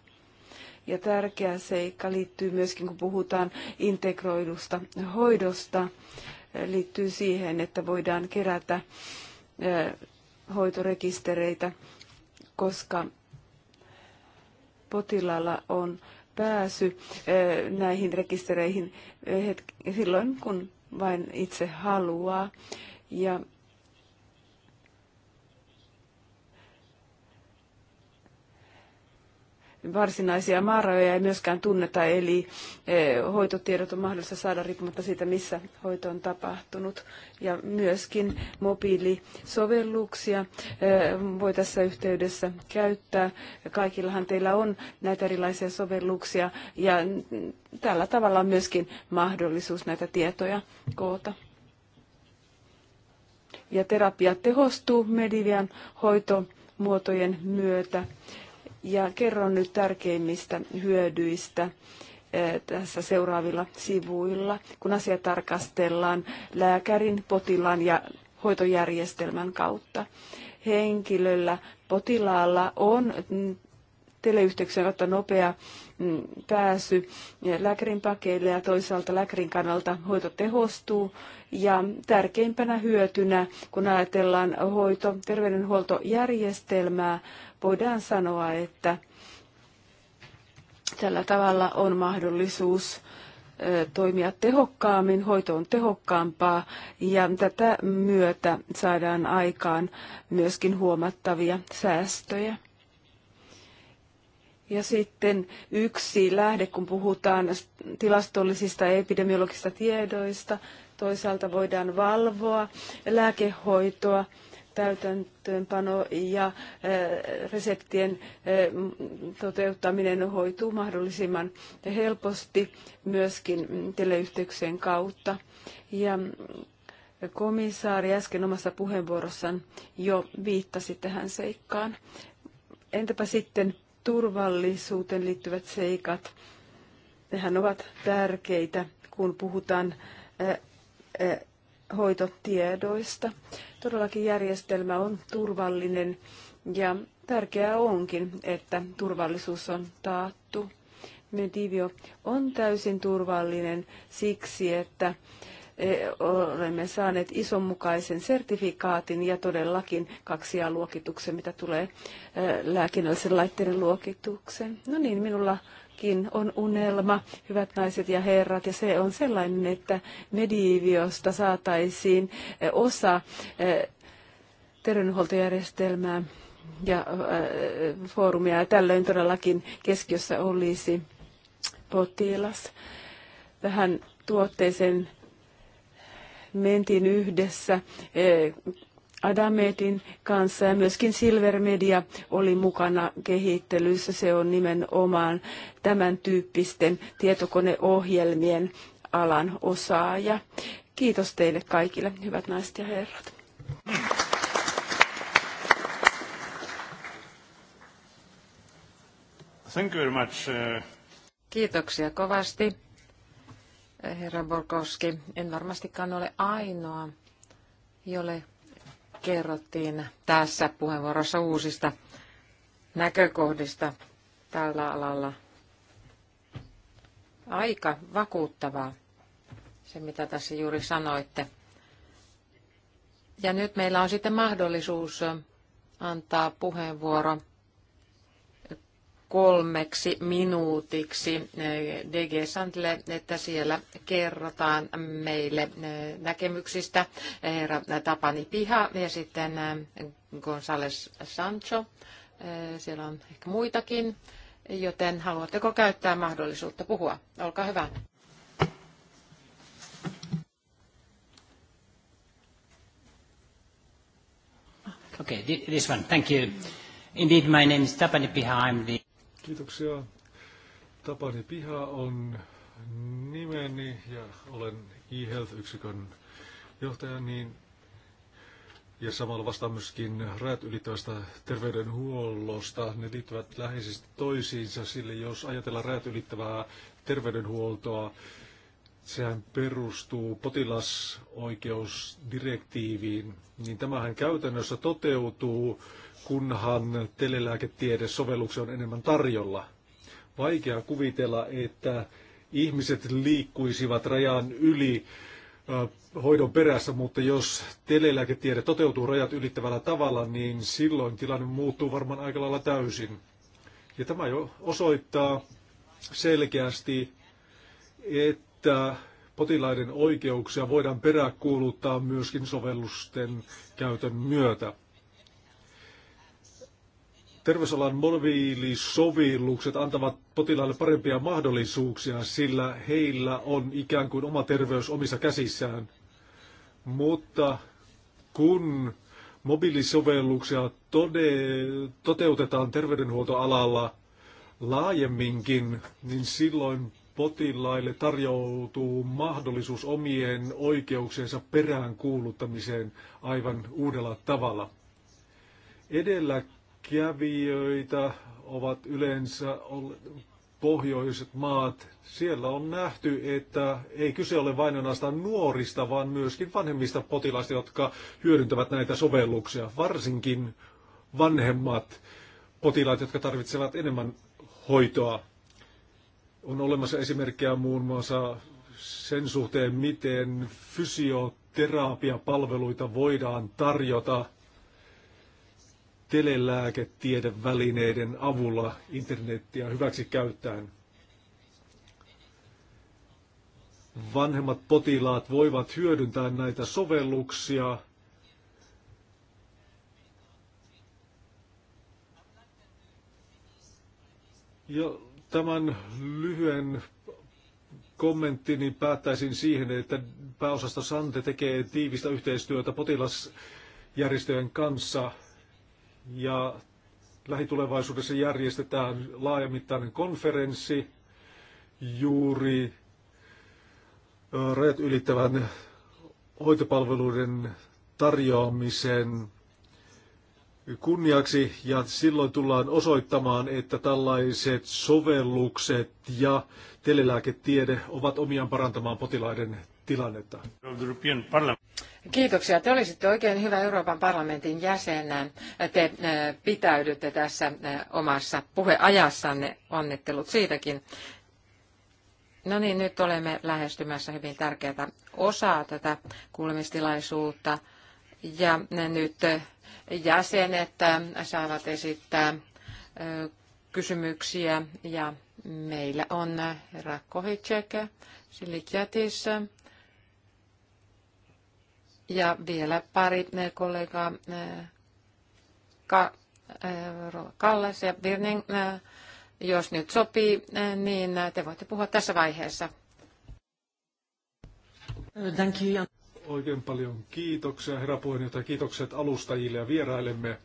Ja tärkeä seikka liittyy myöskin, kun puhutaan integroidusta hoidosta, liittyy siihen, että voidaan kerätä hoitorekistereitä, koska potilaalla on pääsy näihin rekistereihin silloin, kun vain itse haluaa. Ja varsinaisia maarajoja ei myöskään tunneta, eli e, hoitotiedot on mahdollista saada riippumatta siitä, missä hoito on tapahtunut. Ja myöskin mobiilisovelluksia e, voi tässä yhteydessä käyttää. Kaikillahan teillä on näitä erilaisia sovelluksia, ja tällä tavalla on myöskin mahdollisuus näitä tietoja koota ja terapia tehostuu Medivian hoitomuotojen myötä ja kerron nyt tärkeimmistä hyödyistä eh, tässä seuraavilla sivuilla, kun asia tarkastellaan lääkärin, potilaan ja hoitojärjestelmän kautta. Henkilöllä, potilaalla on teleyhteyksien kautta nopea mm, pääsy lääkärin pakeille ja toisaalta lääkärin kannalta hoito tehostuu. Ja tärkeimpänä hyötynä, kun ajatellaan hoito- terveydenhuoltojärjestelmää, voidaan sanoa, että tällä tavalla on mahdollisuus toimia tehokkaammin, hoito on tehokkaampaa ja tätä myötä saadaan aikaan myöskin huomattavia säästöjä. Ja sitten yksi lähde, kun puhutaan tilastollisista ja epidemiologisista tiedoista, toisaalta voidaan valvoa lääkehoitoa täytäntöönpano ja eh, reseptien eh, toteuttaminen hoituu mahdollisimman helposti myöskin teleyhteyksien kautta. Ja eh, komissaari äsken omassa puheenvuorossaan jo viittasi tähän seikkaan. Entäpä sitten turvallisuuteen liittyvät seikat? Nehän ovat tärkeitä, kun puhutaan hoitotiedoista. Todellakin järjestelmä on turvallinen ja tärkeää onkin, että turvallisuus on taattu. Medivio on täysin turvallinen siksi, että e, olemme saaneet isonmukaisen sertifikaatin ja todellakin kaksi luokituksen mitä tulee e, lääkinnällisen laitteiden luokitukseen. No niin, minulla Irakkin on unelma, hyvät naiset ja herrat, ja se on sellainen, että mediiviosta saataisiin eh, osa eh, terveydenhuoltojärjestelmää ja eh, foorumia, ja tällöin todellakin keskiössä olisi potilas. Tähän tuotteeseen mentiin yhdessä Adametin kanssa ja myöskin Silver Media oli mukana kehittelyssä. Se on nimenomaan tämän tyyppisten tietokoneohjelmien alan osaaja. Kiitos teille kaikille, hyvät naiset ja herrat. Thank you very much. Uh, Kiitoksia kovasti, eh, herra Borkowski. En varmastikaan ole ainoa, jolle kerrottiin tässä puheenvuorossa uusista näkökohdista tällä alalla. Aika vakuuttavaa se, mitä tässä juuri sanoitte. Ja nyt meillä on sitten mahdollisuus antaa puheenvuoro kolmeksi minuutiksi DG Santille, että siellä kerrotaan meille eh, näkemyksistä herra Tapani Piha ja sitten eh, González Sancho. Eh, siellä on ehkä muitakin, joten haluatteko käyttää mahdollisuutta puhua? Olkaa hyvä. Okay, this one. Thank you. Indeed, my name is Tapani Piha. I'm the Kiitoksia. Tapani Piha on nimeni ja olen eHealth-yksikön johtaja, niin ja samalla vastaan myöskin rajat ylittävästä terveydenhuollosta. Ne liittyvät läheisesti toisiinsa, sillä jos ajatellaan rajat ylittävää terveydenhuoltoa, sehän perustuu potilasoikeusdirektiiviin, niin tämähän käytännössä toteutuu kunhan sovelluksia on enemmän tarjolla. Vaikea kuvitella, että ihmiset liikkuisivat rajan yli hoidon perässä, mutta jos telelääketiede toteutuu rajat ylittävällä tavalla, niin silloin tilanne muuttuu varmaan aika lailla täysin. Ja tämä jo osoittaa selkeästi, että potilaiden oikeuksia voidaan peräkuuluttaa myöskin sovellusten käytön myötä. Terveysalan mobiilisovellukset antavat potilaille parempia mahdollisuuksia, sillä heillä on ikään kuin oma terveys omissa käsissään. Mutta kun mobiilisovelluksia tode- toteutetaan terveydenhuoltoalalla laajemminkin, niin silloin potilaille tarjoutuu mahdollisuus omien oikeuksiensa perään kuuluttamiseen aivan uudella tavalla. Edellä kävijöitä ovat yleensä pohjoiset maat. Siellä on nähty, että ei kyse ole vain ainoastaan nuorista, vaan myöskin vanhemmista potilaista, jotka hyödyntävät näitä sovelluksia. Varsinkin vanhemmat potilaat, jotka tarvitsevat enemmän hoitoa. On olemassa esimerkkejä muun muassa sen suhteen, miten fysioterapiapalveluita voidaan tarjota telelääketiedevälineiden avulla internettiä hyväksi käyttäen. Vanhemmat potilaat voivat hyödyntää näitä sovelluksia Ja tämän lyhyen kommenttini päättäisin siihen, että pääosasta Sante tekee tiivistä yhteistyötä potilasjärjestöjen kanssa ja lähitulevaisuudessa järjestetään laajamittainen konferenssi juuri rajat ylittävän hoitopalveluiden tarjoamisen kunniaksi ja silloin tullaan osoittamaan, että tällaiset sovellukset ja telelääketiede ovat omiaan parantamaan potilaiden tilannetta. Kiitoksia. Te olisitte oikein hyvä Euroopan parlamentin jäsenä. Te äh, pitäydytte tässä äh, omassa puheajassanne. Onnittelut siitäkin. No niin, nyt olemme lähestymässä hyvin tärkeää osaa tätä kuulemistilaisuutta. Ja nyt äh, jäsenet saavat esittää kysymyksiä. Ja meillä on herra Kohicek, Silikjatis, ja vielä pari eh, kollegaa eh, eh, Kallas ja Birning, jos nyt sopii, niin te voitte puhua tässä vaiheessa. Thank you. Oikein paljon kiitoksia, herra puheenjohtaja. Kiitokset alustajille ja vierailemme.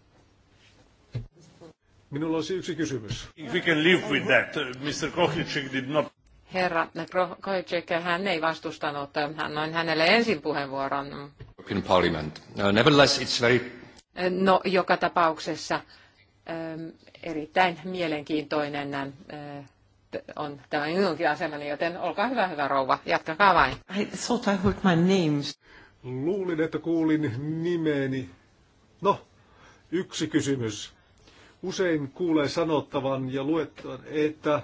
Minulla olisi yksi kysymys. we can live with that, Mr. did not... Herra Kohlicek, hän ei vastustanut, hän noin hänelle ensin puheenvuoron. European Parliament. Uh, nevertheless, it's very... Äh, no, joka tapauksessa ähm, erittäin mielenkiintoinen äh, on tämä minunkin asemani, joten olkaa hyvä, hyvä rouva, jatkakaa vain. I thought I heard my names. Luulin, että kuulin nimeeni. No, yksi kysymys. Usein kuulee sanottavan ja luettavan, että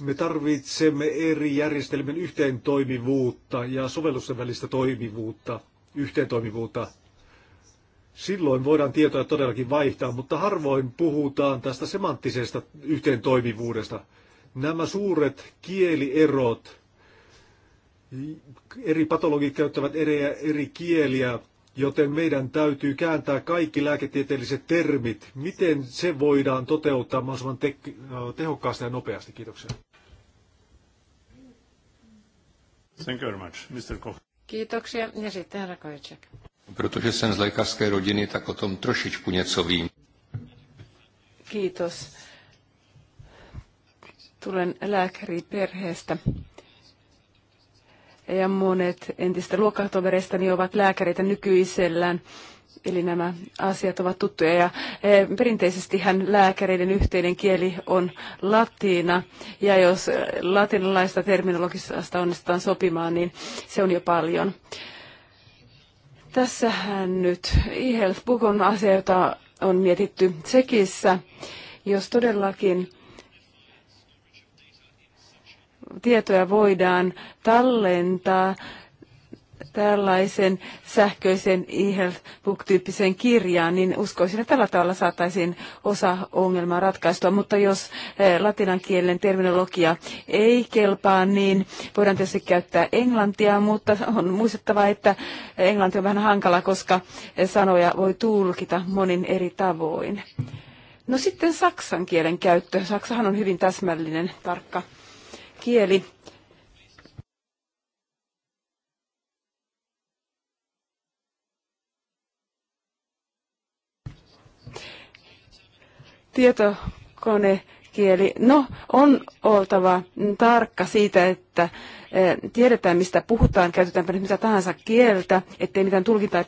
me tarvitsemme eri järjestelmien toimivuutta ja sovellusten välistä toimivuutta yhteentoimivuutta. Silloin voidaan tietoja todellakin vaihtaa, mutta harvoin puhutaan tästä semanttisesta yhteentoimivuudesta. Nämä suuret kielierot, eri patologit käyttävät eri, eri kieliä, joten meidän täytyy kääntää kaikki lääketieteelliset termit. Miten se voidaan toteuttaa mahdollisimman te- tehokkaasti ja nopeasti? Kiitoksia. Thank you very much. Mr. Koch. Kiitoksia. Ja sitten herra Protože jsem z lékařské rodiny, tak o tom trošičku něco vím. Kiitos. Tulen lääkäriperheestä. Ja monet entistä luokkatovereistani ovat lääkäreitä nykyisellään. Eli nämä asiat ovat tuttuja ja e, perinteisestihän lääkäreiden yhteinen kieli on latina ja jos latinalaista terminologista onnistutaan sopimaan, niin se on jo paljon. Tässähän nyt eHealth book on asia, jota on mietitty Tsekissä. Jos todellakin tietoja voidaan tallentaa, tällaisen sähköisen e-health-book-tyyppiseen kirjaan, niin uskoisin, että tällä tavalla saataisiin osa ongelmaa ratkaistua. Mutta jos eh, latinan kielen terminologia ei kelpaa, niin voidaan tietysti käyttää englantia, mutta on muistettava, että englanti on vähän hankala, koska sanoja voi tulkita monin eri tavoin. No sitten saksan kielen käyttö. Saksahan on hyvin täsmällinen, tarkka kieli. Tietokonekieli No, on oltava tarkka siitä, että eh, tiedetään, mistä puhutaan, käytetäänpä nyt mitä tahansa kieltä, ettei mitään tulkinta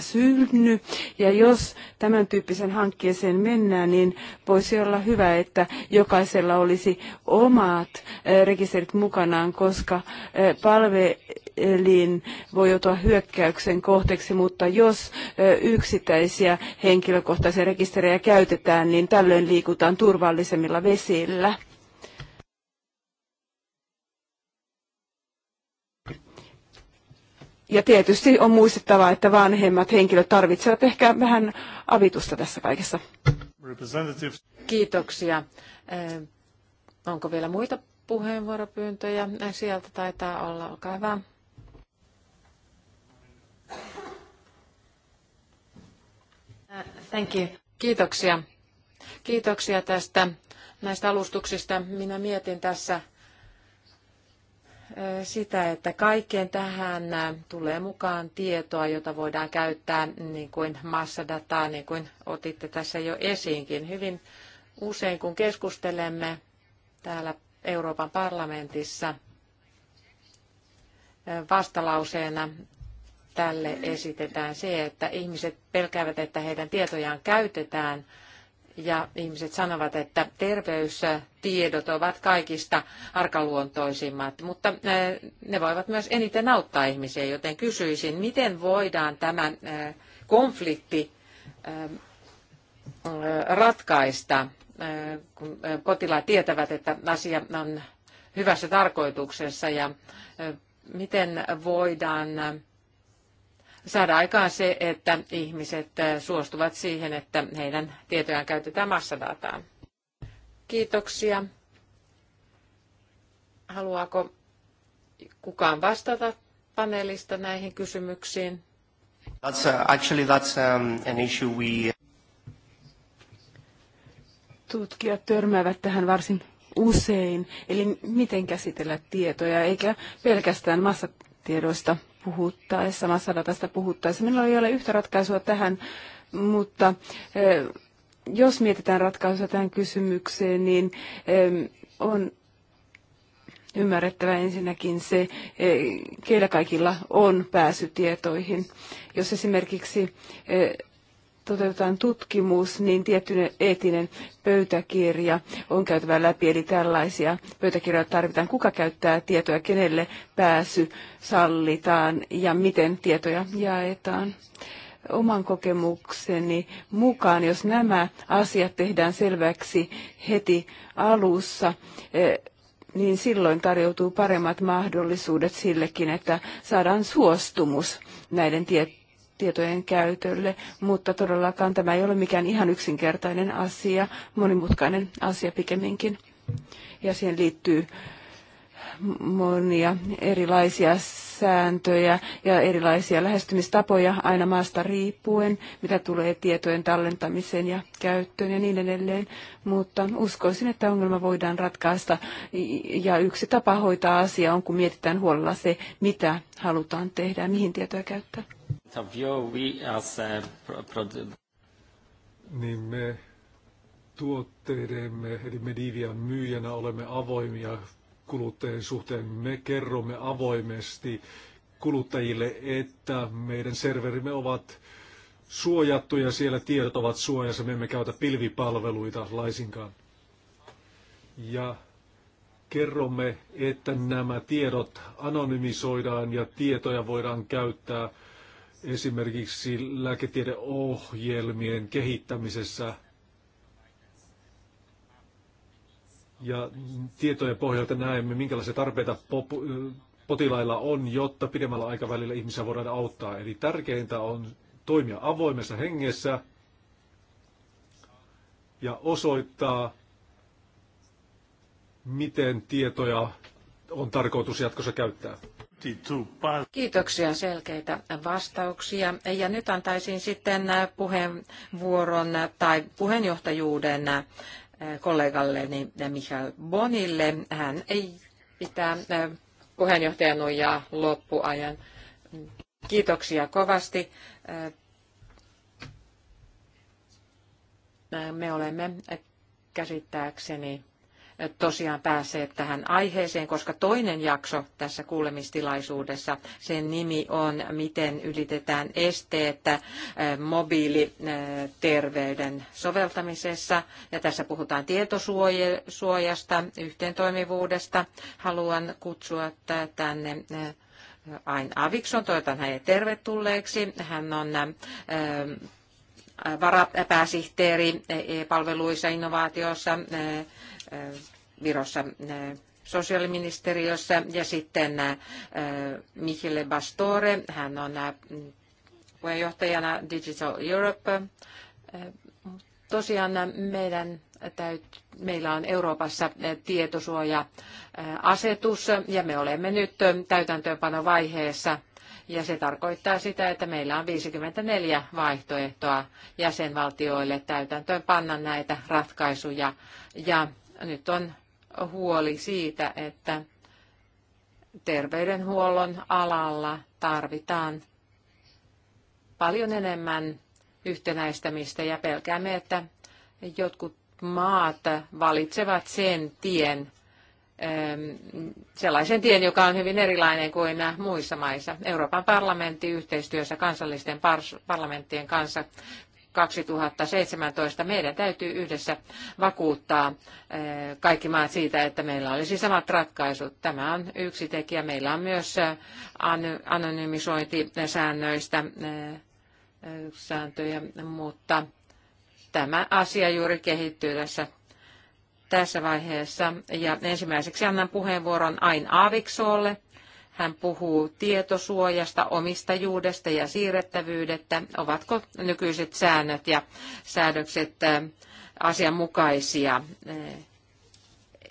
synny. Ja jos tämän tyyppisen hankkeeseen mennään, niin voisi olla hyvä, että jokaisella olisi omat eh, rekisterit mukanaan, koska eh, palve elin voi joutua hyökkäyksen kohteeksi, mutta jos yksittäisiä henkilökohtaisia rekisterejä käytetään, niin tällöin liikutaan turvallisemmilla vesillä. Ja tietysti on muistettava, että vanhemmat henkilöt tarvitsevat ehkä vähän avitusta tässä kaikessa. Kiitoksia. Onko vielä muita puheenvuoropyyntöjä? Sieltä taitaa olla. Olkaa hyvä. Thank you. Kiitoksia. Kiitoksia tästä näistä alustuksista. Minä mietin tässä sitä, että kaikkeen tähän tulee mukaan tietoa, jota voidaan käyttää niin kuin massadataa, niin kuin otitte tässä jo esiinkin. Hyvin usein, kun keskustelemme täällä Euroopan parlamentissa vastalauseena tälle esitetään se, että ihmiset pelkäävät, että heidän tietojaan käytetään ja ihmiset sanovat, että terveystiedot ovat kaikista arkaluontoisimmat, mutta äh, ne voivat myös eniten auttaa ihmisiä, joten kysyisin, miten voidaan tämä äh, konflikti äh, ratkaista, kun potilaat tietävät, että asia on hyvässä tarkoituksessa ja miten voidaan saada aikaan se, että ihmiset äh, suostuvat siihen, että heidän tietojaan käytetään massadataan. Kiitoksia. Haluaako kukaan vastata paneelista näihin kysymyksiin? That's, a, uh, actually that's a, um, an issue we... Tutkijat törmäävät tähän varsin usein, eli miten käsitellä tietoja, eikä pelkästään massatiedoista puhuttaessa, massadatasta puhuttaessa. Minulla ei ole yhtä ratkaisua tähän, mutta eh, jos mietitään ratkaisua tähän kysymykseen, niin eh, on ymmärrettävä ensinnäkin se, eh, keillä kaikilla on pääsy tietoihin. Jos esimerkiksi toteutetaan tutkimus, niin tietty eettinen pöytäkirja on käytävä läpi, eli tällaisia pöytäkirjoja tarvitaan. Kuka käyttää tietoja, kenelle pääsy sallitaan ja miten tietoja jaetaan oman kokemukseni mukaan, jos nämä asiat tehdään selväksi heti alussa, eh, niin silloin tarjoutuu paremmat mahdollisuudet sillekin, että saadaan suostumus näiden tietojen tietojen käytölle, mutta todellakaan tämä ei ole mikään ihan yksinkertainen asia, monimutkainen asia pikemminkin. Ja siihen liittyy monia erilaisia sääntöjä ja erilaisia lähestymistapoja aina maasta riippuen, mitä tulee tietojen tallentamiseen ja käyttöön ja niin edelleen. Mutta uskoisin, että ongelma voidaan ratkaista ja yksi tapa hoitaa asia on, kun mietitään huolella se, mitä halutaan tehdä ja mihin tietoja käyttää point of view, we as a niin me tuotteidemme, eli Medivian myyjänä olemme avoimia kuluttajien suhteen. Me kerromme avoimesti kuluttajille, että meidän serverimme ovat suojattuja, siellä tiedot ovat suojassa, me emme käytä pilvipalveluita laisinkaan. Ja kerromme, että nämä tiedot anonymisoidaan ja tietoja voidaan käyttää – esimerkiksi lääketiedeohjelmien kehittämisessä ja tietojen pohjalta näemme, minkälaisia tarpeita potilailla on, jotta pidemmällä aikavälillä ihmisiä voidaan auttaa. Eli tärkeintä on toimia avoimessa hengessä ja osoittaa, miten tietoja on tarkoitus jatkossa käyttää. Kiitoksia selkeitä vastauksia. Ja nyt antaisin sitten puheenvuoron tai puheenjohtajuuden äh, kollegalleni Michael Bonille. Hän ei pitää äh, puheenjohtajan ja loppuajan. Kiitoksia kovasti. Äh, me olemme käsittääkseni tosiaan päässeet tähän aiheeseen, koska toinen jakso tässä kuulemistilaisuudessa, sen nimi on Miten ylitetään esteet äh, mobiiliterveyden soveltamisessa. Ja tässä puhutaan tietosuojasta, yhteentoimivuudesta. Haluan kutsua tänne äh, Ain Avikson, toivotan hänet tervetulleeksi. Hän on äh, varapääsihteeri e e-palveluissa, innovaatioissa, Virossa sosiaaliministeriössä ja sitten Michele Bastore, hän on puheenjohtajana Digital Europe. Tosiaan meidän meillä on Euroopassa tietosuoja-asetus ja me olemme nyt täytäntöönpanovaiheessa ja se tarkoittaa sitä, että meillä on 54 vaihtoehtoa jäsenvaltioille täytäntöönpanna näitä ratkaisuja ja nyt on huoli siitä, että terveydenhuollon alalla tarvitaan paljon enemmän yhtenäistämistä ja pelkäämme, että jotkut maat valitsevat sen tien, ähm, sellaisen tien, joka on hyvin erilainen kuin muissa maissa. Euroopan parlamentti yhteistyössä kansallisten parlamenttien kanssa 2017 meidän täytyy yhdessä vakuuttaa eh, kaikki maat siitä, että meillä olisi samat ratkaisut. Tämä on yksi tekijä. Meillä on myös eh, anonymisointisäännöistä eh, sääntöjä, mutta tämä asia juuri kehittyy tässä tässä vaiheessa. Ja ensimmäiseksi annan puheenvuoron Ain Aaviksolle. Hän puhuu tietosuojasta, omistajuudesta ja siirrettävyydestä. Ovatko nykyiset säännöt ja säädökset asianmukaisia?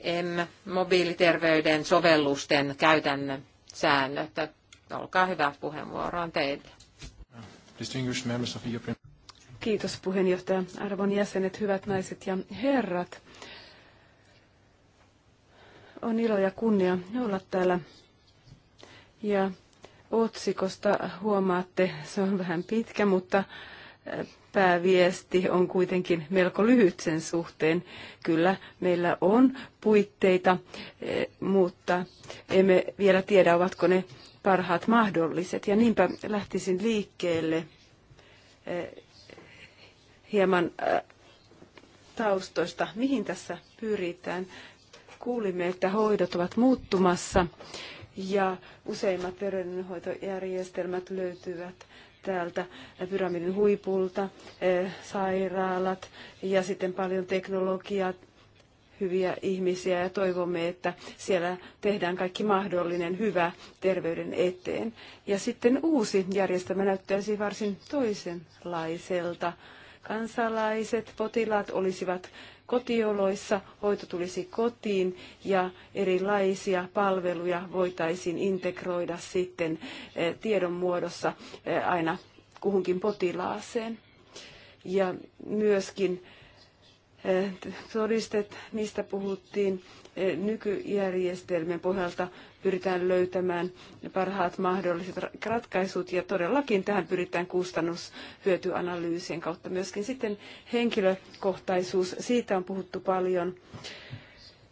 M, mobiiliterveyden sovellusten käytännön säännöt. Olkaa hyvä, puheenvuoro on teille. Kiitos puheenjohtaja, arvon jäsenet, hyvät naiset ja herrat. On ilo ja kunnia olla täällä ja otsikosta huomaatte, se on vähän pitkä, mutta äh, pääviesti on kuitenkin melko lyhyt sen suhteen. Kyllä meillä on puitteita, äh, mutta emme vielä tiedä, ovatko ne parhaat mahdolliset. Ja niinpä lähtisin liikkeelle äh, hieman taustoista, mihin tässä pyritään. Kuulimme, että hoidot ovat muuttumassa ja useimmat terveydenhoitojärjestelmät löytyvät täältä pyramidin huipulta, eh, sairaalat ja sitten paljon teknologiaa, hyviä ihmisiä ja toivomme, että siellä tehdään kaikki mahdollinen hyvä terveyden eteen. Ja sitten uusi järjestelmä näyttäisi varsin toisenlaiselta kansalaiset, potilaat olisivat kotioloissa, hoito tulisi kotiin ja erilaisia palveluja voitaisiin integroida sitten eh, tiedon muodossa eh, aina kuhunkin potilaaseen. Ja myöskin eh, todistet, niistä puhuttiin, Eh, nykyjärjestelmien pohjalta pyritään löytämään parhaat mahdolliset ratkaisut ja todellakin tähän pyritään kustannushyötyanalyysien kautta. Myöskin sitten henkilökohtaisuus, siitä on puhuttu paljon.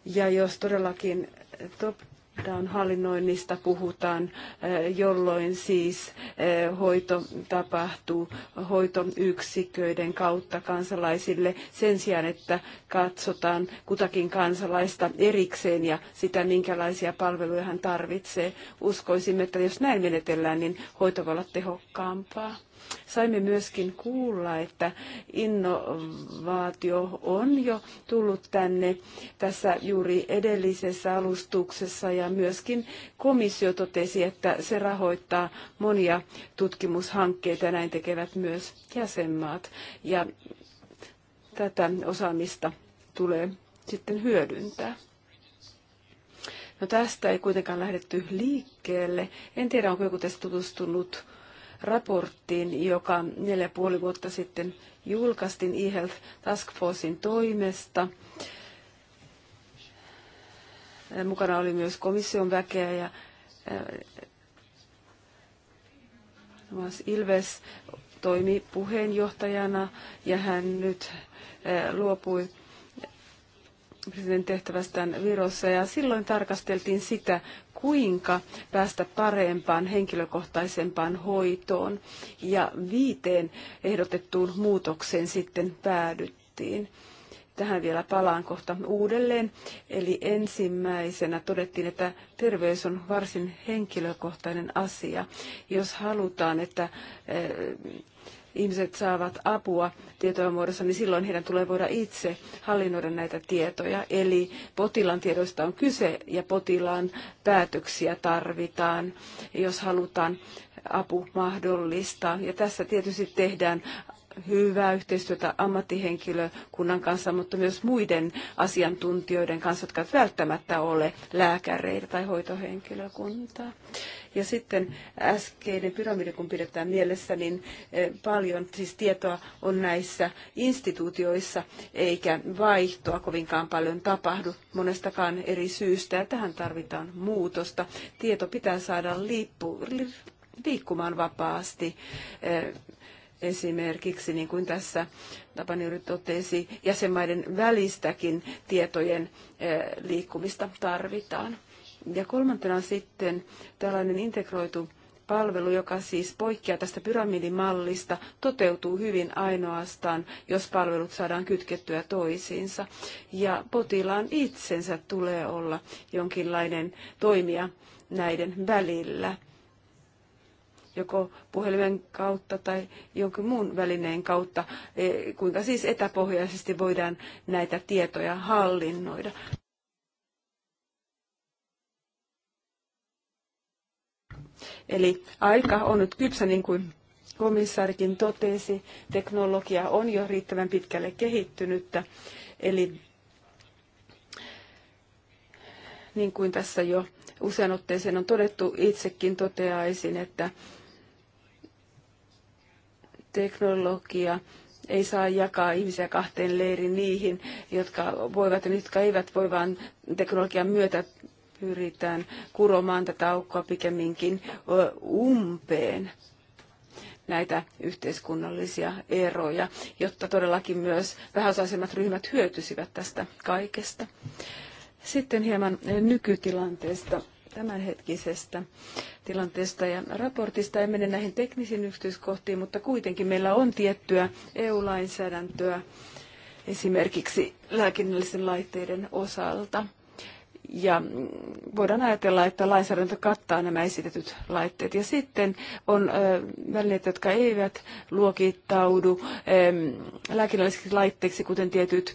Ja jos todellakin top down hallinnoinnista puhutaan, eh, jolloin siis eh, hoito tapahtuu hoitoyksiköiden kautta kansalaisille sen sijaan, että katsotaan kutakin kansalaista erikseen ja sitä, minkälaisia palveluja hän tarvitsee. Uskoisimme, että jos näin menetellään, niin hoito voi olla tehokkaampaa. Saimme myöskin kuulla, että innovaatio on jo tullut tänne tässä juuri edellisessä alustuksessa ja myöskin komissio totesi, että se rahoittaa monia tutkimushankkeita ja näin tekevät myös jäsenmaat. Ja tätä osaamista tulee sitten hyödyntää. No tästä ei kuitenkaan lähdetty liikkeelle. En tiedä, onko joku tässä tutustunut raporttiin, joka neljä puoli vuotta sitten julkaistiin eHealth Task Forcein toimesta. Mukana oli myös komission väkeä ja äh, Ilves toimi puheenjohtajana ja hän nyt äh, luopui presidentin tehtävästään Virossa ja silloin tarkasteltiin sitä, kuinka päästä parempaan henkilökohtaisempaan hoitoon ja viiteen ehdotettuun muutokseen sitten päädyttiin. Tähän vielä palaan kohta uudelleen. Eli ensimmäisenä todettiin, että terveys on varsin henkilökohtainen asia. Jos halutaan, että eh, ihmiset saavat apua tietojen muodossa, niin silloin heidän tulee voida itse hallinnoida näitä tietoja. Eli potilaan tiedoista on kyse ja potilaan päätöksiä tarvitaan, jos halutaan apu mahdollistaa. Ja tässä tietysti tehdään hyvää yhteistyötä ammattihenkilökunnan kanssa, mutta myös muiden asiantuntijoiden kanssa, jotka eivät välttämättä ole lääkäreitä tai hoitohenkilökuntaa. Ja sitten äskeinen pyramidi, kun pidetään mielessä, niin e, paljon siis tietoa on näissä instituutioissa, eikä vaihtoa kovinkaan paljon tapahdu monestakaan eri syystä, ja tähän tarvitaan muutosta. Tieto pitää saada liippu, liikkumaan vapaasti e, esimerkiksi, niin kuin tässä Tapani Yri totesi, jäsenmaiden välistäkin tietojen eh, liikkumista tarvitaan. Ja kolmantena sitten tällainen integroitu palvelu, joka siis poikkeaa tästä pyramidimallista, toteutuu hyvin ainoastaan, jos palvelut saadaan kytkettyä toisiinsa. Ja potilaan itsensä tulee olla jonkinlainen toimija näiden välillä joko puhelimen kautta tai jonkin muun välineen kautta, e, kuinka siis etäpohjaisesti voidaan näitä tietoja hallinnoida. Eli aika on nyt kypsä, niin kuin komissaarikin totesi, teknologia on jo riittävän pitkälle kehittynyttä. Eli niin kuin tässä jo usean otteeseen on todettu, itsekin toteaisin, että teknologia ei saa jakaa ihmisiä kahteen leiriin niihin, jotka voivat ja jotka eivät voi, vaan teknologian myötä pyritään kuromaan tätä aukkoa pikemminkin umpeen näitä yhteiskunnallisia eroja, jotta todellakin myös vähäosaisemmat ryhmät hyötyisivät tästä kaikesta. Sitten hieman nykytilanteesta tämänhetkisestä tilanteesta ja raportista. En mene näihin teknisiin yksityiskohtiin, mutta kuitenkin meillä on tiettyä EU-lainsäädäntöä esimerkiksi lääkinnällisten laitteiden osalta. Ja voidaan ajatella, että lainsäädäntö kattaa nämä esitetyt laitteet. Ja sitten on välineet, jotka eivät luokittaudu lääkinnällisiksi laitteiksi, kuten tietyt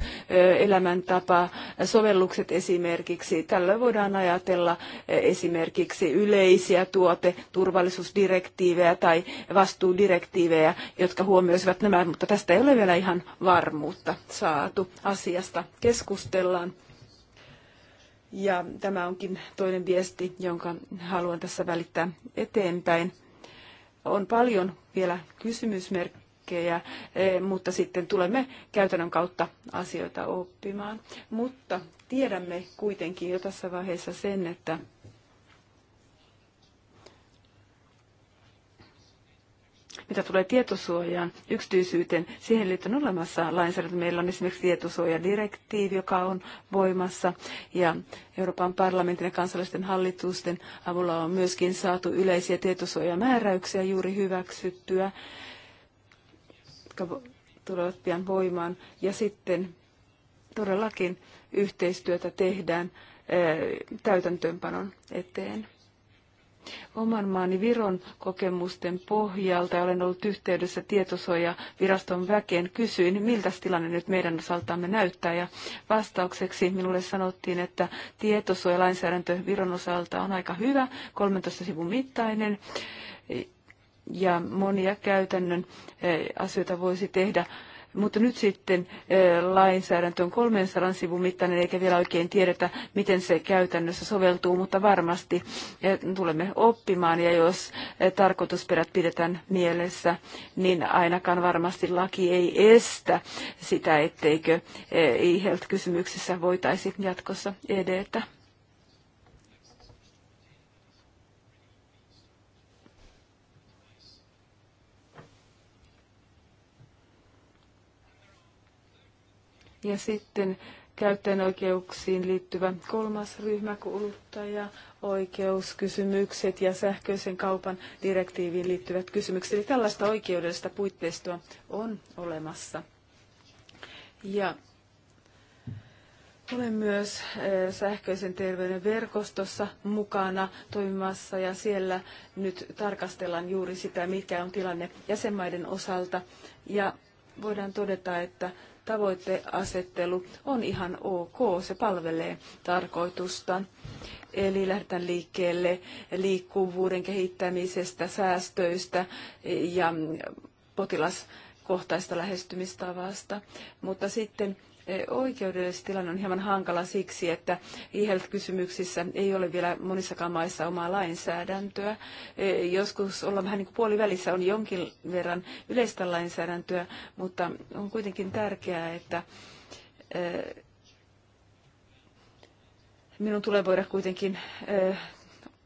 elämäntapa, sovellukset esimerkiksi. Tällöin voidaan ajatella esimerkiksi yleisiä tuote turvallisuusdirektiivejä tai vastuudirektiivejä, jotka huomioisivat nämä, mutta tästä ei ole vielä ihan varmuutta saatu. Asiasta keskustellaan ja tämä onkin toinen viesti, jonka haluan tässä välittää eteenpäin. On paljon vielä kysymysmerkkejä, e, mutta sitten tulemme käytännön kautta asioita oppimaan. Mutta tiedämme kuitenkin jo tässä vaiheessa sen, että Mitä tulee tietosuojaan, yksityisyyteen, siihen liittyen olemassa lainsäädäntö. Meillä on esimerkiksi tietosuojadirektiivi, joka on voimassa, ja Euroopan parlamentin ja kansallisten hallitusten avulla on myöskin saatu yleisiä tietosuojamääräyksiä juuri hyväksyttyä, jotka tulevat pian voimaan. Ja sitten todellakin yhteistyötä tehdään eh, täytäntöönpanon eteen oman maani Viron kokemusten pohjalta. Olen ollut yhteydessä tietosuojaviraston väkeen. Kysyin, miltä tilanne nyt meidän osaltamme näyttää. Ja vastaukseksi minulle sanottiin, että tietosuojalainsäädäntö Viron osalta on aika hyvä, 13 sivun mittainen. Ja monia käytännön eh, asioita voisi tehdä mutta nyt sitten lainsäädäntö on 300 sivun mittainen, eikä vielä oikein tiedetä, miten se käytännössä soveltuu, mutta varmasti tulemme oppimaan, ja jos tarkoitusperät pidetään mielessä, niin ainakaan varmasti laki ei estä sitä, etteikö e-health-kysymyksissä voitaisiin jatkossa edetä. Ja sitten käyttäjänoikeuksiin liittyvä kolmas ryhmä, oikeuskysymykset ja sähköisen kaupan direktiiviin liittyvät kysymykset. Eli tällaista oikeudellista puitteistoa on olemassa. Ja olen myös eh, sähköisen terveyden verkostossa mukana toimimassa ja siellä nyt tarkastellaan juuri sitä, mikä on tilanne jäsenmaiden osalta. Ja voidaan todeta, että tavoiteasettelu on ihan ok, se palvelee tarkoitusta. Eli lähdetään liikkeelle liikkuvuuden kehittämisestä, säästöistä ja potilaskohtaista lähestymistavasta, mutta sitten Oikeudellisesti tilanne on hieman hankala siksi, että e-health-kysymyksissä ei ole vielä monissakaan maissa omaa lainsäädäntöä. E, joskus ollaan vähän niin kuin puolivälissä, on jonkin verran yleistä lainsäädäntöä, mutta on kuitenkin tärkeää, että e, minun tulee voida kuitenkin e,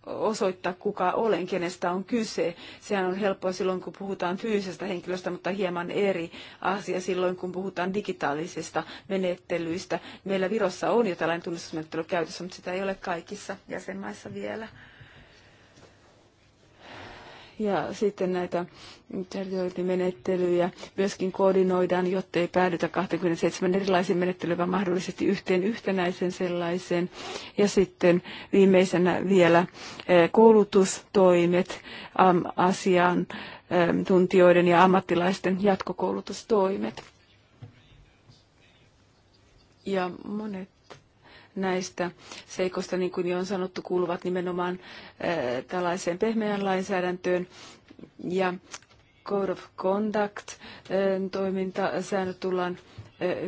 osoittaa, kuka olen, kenestä on kyse. Sehän on helppoa silloin, kun puhutaan fyysisestä henkilöstä, mutta hieman eri asia silloin, kun puhutaan digitaalisista menettelyistä. Meillä Virossa on jo tällainen tunnistusmenettely käytössä, mutta sitä ei ole kaikissa jäsenmaissa vielä. Ja sitten näitä charity-menettelyjä myöskin koordinoidaan, jotta ei päädytä 27 erilaisen menettelyyn, vaan mahdollisesti yhteen yhtenäisen sellaisen. Ja sitten viimeisenä vielä eh, koulutustoimet, asiantuntijoiden ja ammattilaisten jatkokoulutustoimet. Ja monet näistä seikoista, niin kuin jo on sanottu, kuuluvat nimenomaan tällaiseen pehmeään lainsäädäntöön. Ja Code of Conduct-toimintasäännöt tullaan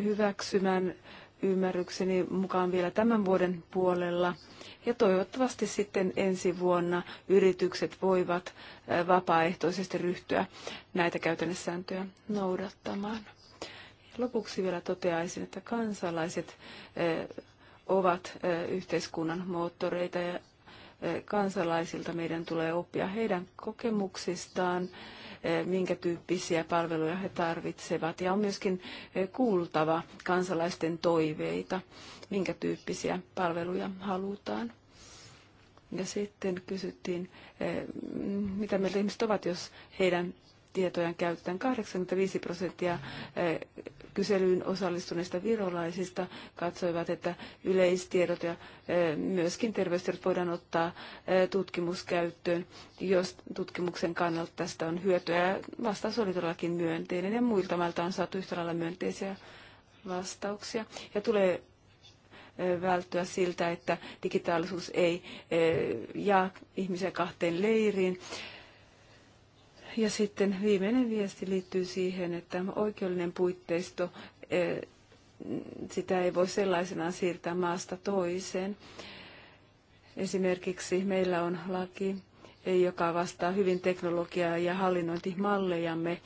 hyväksymään ymmärrykseni mukaan vielä tämän vuoden puolella. Ja toivottavasti sitten ensi vuonna yritykset voivat vapaaehtoisesti ryhtyä näitä käytännössääntöjä noudattamaan. Lopuksi vielä toteaisin, että kansalaiset ovat yhteiskunnan moottoreita ja kansalaisilta meidän tulee oppia heidän kokemuksistaan, minkä tyyppisiä palveluja he tarvitsevat. Ja on myöskin kuultava kansalaisten toiveita, minkä tyyppisiä palveluja halutaan. Ja sitten kysyttiin, mitä mieltä ihmiset ovat, jos heidän tietojen käytetään 85 prosenttia eh, kyselyyn osallistuneista virolaisista katsoivat, että yleistiedot ja eh, myöskin terveystiedot voidaan ottaa eh, tutkimuskäyttöön, jos tutkimuksen kannalta tästä on hyötyä. Ja vastaus oli todellakin myönteinen ja muilta mailta on saatu yhtä lailla myönteisiä vastauksia. Ja tulee välttyä siltä, että digitaalisuus ei jaa ihmisiä kahteen leiriin. Ja sitten viimeinen viesti liittyy siihen, että oikeudellinen puitteisto, e, sitä ei voi sellaisenaan siirtää maasta toiseen. Esimerkiksi meillä on laki, joka vastaa hyvin teknologiaa ja hallinnointimallejamme,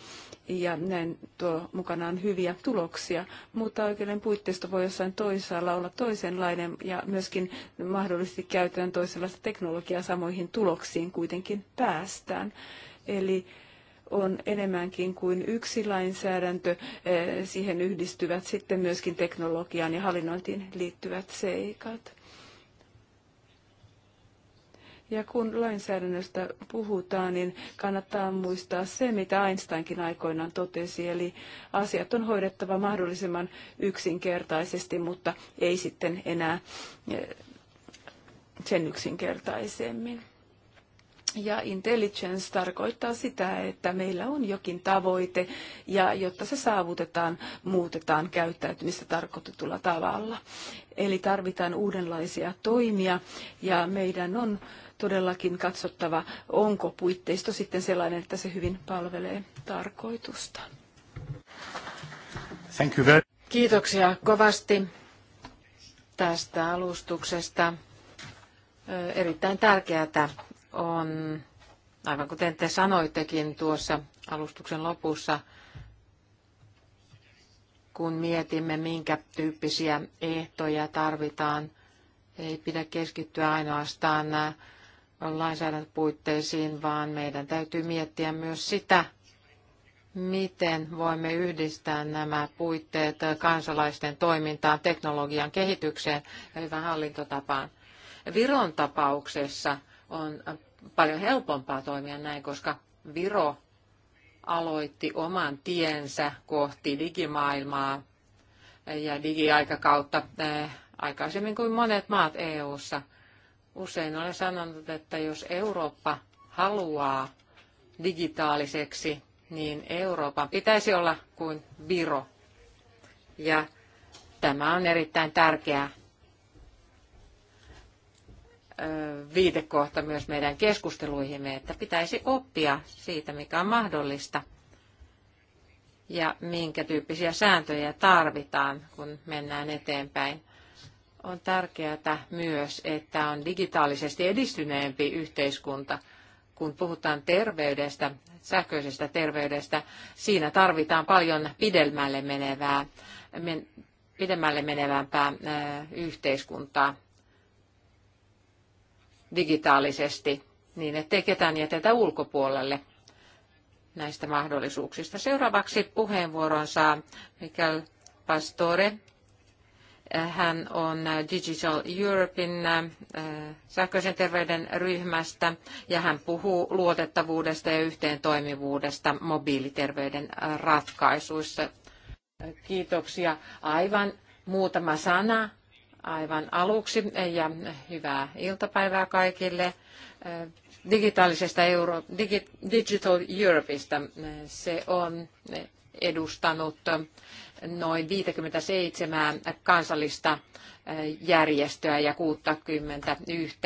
ja näin tuo mukanaan hyviä tuloksia. Mutta oikeuden puitteisto voi jossain toisaalla olla toisenlainen ja myöskin mahdollisesti käytetään toisenlaista teknologiaa samoihin tuloksiin kuitenkin päästään. Eli on enemmänkin kuin yksi lainsäädäntö. Eh, siihen yhdistyvät sitten myöskin teknologiaan ja hallinnointiin liittyvät seikat. Ja kun lainsäädännöstä puhutaan, niin kannattaa muistaa se, mitä Einsteinkin aikoinaan totesi, eli asiat on hoidettava mahdollisimman yksinkertaisesti, mutta ei sitten enää eh, sen yksinkertaisemmin. Ja intelligence tarkoittaa sitä, että meillä on jokin tavoite ja jotta se saavutetaan, muutetaan käyttäytymistä tarkoitetulla tavalla. Eli tarvitaan uudenlaisia toimia ja meidän on todellakin katsottava, onko puitteisto sitten sellainen, että se hyvin palvelee tarkoitusta. Thank you very- Kiitoksia kovasti tästä alustuksesta. Erittäin tärkeää on, aivan kuten te sanoittekin tuossa alustuksen lopussa, kun mietimme, minkä tyyppisiä ehtoja tarvitaan, ei pidä keskittyä ainoastaan lainsäädäntöpuitteisiin, vaan meidän täytyy miettiä myös sitä, miten voimme yhdistää nämä puitteet kansalaisten toimintaan, teknologian kehitykseen ja hyvään hallintotapaan. Viron tapauksessa on paljon helpompaa toimia näin, koska Viro aloitti oman tiensä kohti digimaailmaa ja digiaikakautta eh, aikaisemmin kuin monet maat EU:ssa. Usein olen sanonut, että jos Eurooppa haluaa digitaaliseksi, niin Euroopan pitäisi olla kuin Viro. Ja tämä on erittäin tärkeää viitekohta myös meidän keskusteluihimme, että pitäisi oppia siitä, mikä on mahdollista ja minkä tyyppisiä sääntöjä tarvitaan, kun mennään eteenpäin. On tärkeää myös, että on digitaalisesti edistyneempi yhteiskunta. Kun puhutaan terveydestä, sähköisestä terveydestä, siinä tarvitaan paljon pidemmälle menevää, pidemmälle menevämpää yhteiskuntaa digitaalisesti niin, ettei ketään jätetä ulkopuolelle näistä mahdollisuuksista. Seuraavaksi puheenvuoron saa Mikael Pastore. Hän on Digital Europein äh, sähköisen terveyden ryhmästä ja hän puhuu luotettavuudesta ja yhteentoimivuudesta mobiiliterveyden ratkaisuissa. Kiitoksia. Aivan muutama sana aivan aluksi ja hyvää iltapäivää kaikille digitaalisesta Euro, Digital Europeista. Se on edustanut noin 57 kansallista järjestöä ja 61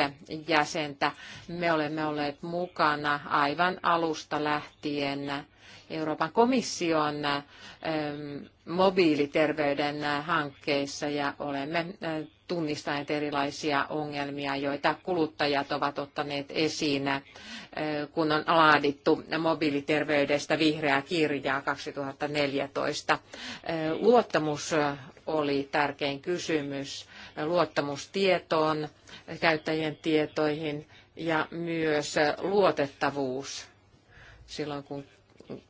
jäsentä. Me olemme olleet mukana aivan alusta lähtien Euroopan komission ähm, mobiiliterveyden hankkeissa ja olemme äh, tunnistaneet erilaisia ongelmia, joita kuluttajat ovat ottaneet esiin, äh, kun on laadittu mobiiliterveydestä vihreää kirjaa 2014. Äh, luottamus oli tärkein kysymys. Luottamus tietoon, käyttäjien tietoihin ja myös luotettavuus silloin, kun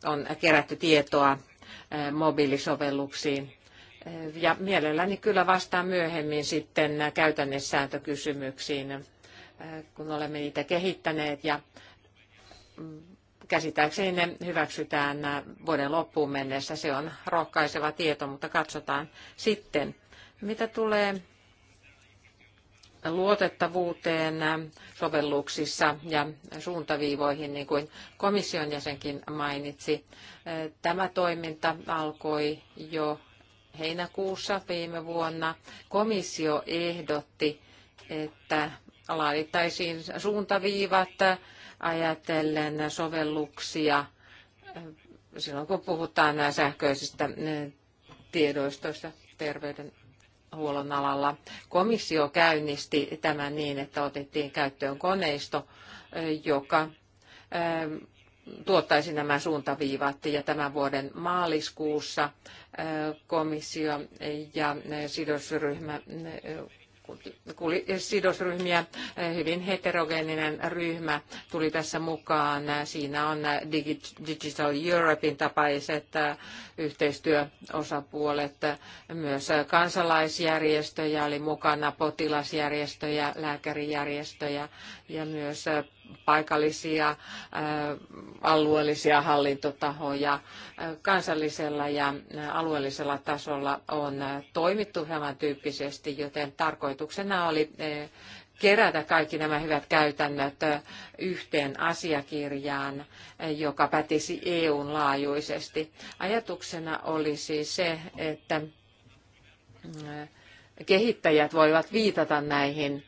on kerätty tietoa mobiilisovelluksiin. Ja mielelläni kyllä vastaan myöhemmin sitten sääntökysymyksiin, kun olemme niitä kehittäneet ja mm, käsittääkseni ne hyväksytään vuoden loppuun mennessä. Se on rohkaiseva tieto, mutta katsotaan sitten. Mitä tulee luotettavuuteen sovelluksissa ja suuntaviivoihin, niin kuin komission jäsenkin mainitsi. Tämä toiminta alkoi jo heinäkuussa viime vuonna. Komissio ehdotti, että laadittaisiin suuntaviivat ajatellen sovelluksia silloin, kun puhutaan sähköisistä tiedoistoista terveyden terveydenhuollon alalla. Komissio käynnisti tämän niin, että otettiin käyttöön koneisto, eh, joka eh, tuottaisi nämä suuntaviivat. Ja tämän vuoden maaliskuussa eh, komissio ja sidosryhmä sidosryhmiä, hyvin heterogeeninen ryhmä tuli tässä mukaan. Siinä on Digital Europein tapaiset yhteistyöosapuolet, myös kansalaisjärjestöjä oli mukana, potilasjärjestöjä, lääkärijärjestöjä ja myös äh, paikallisia äh, alueellisia hallintotahoja äh, kansallisella ja alueellisella tasolla on toimittu hieman tyyppisesti, joten tarkoituksena oli kerätä kaikki nämä hyvät käytännöt yhteen asiakirjaan, joka pätisi EUn laajuisesti. Ajatuksena oli siis se, että kehittäjät voivat viitata näihin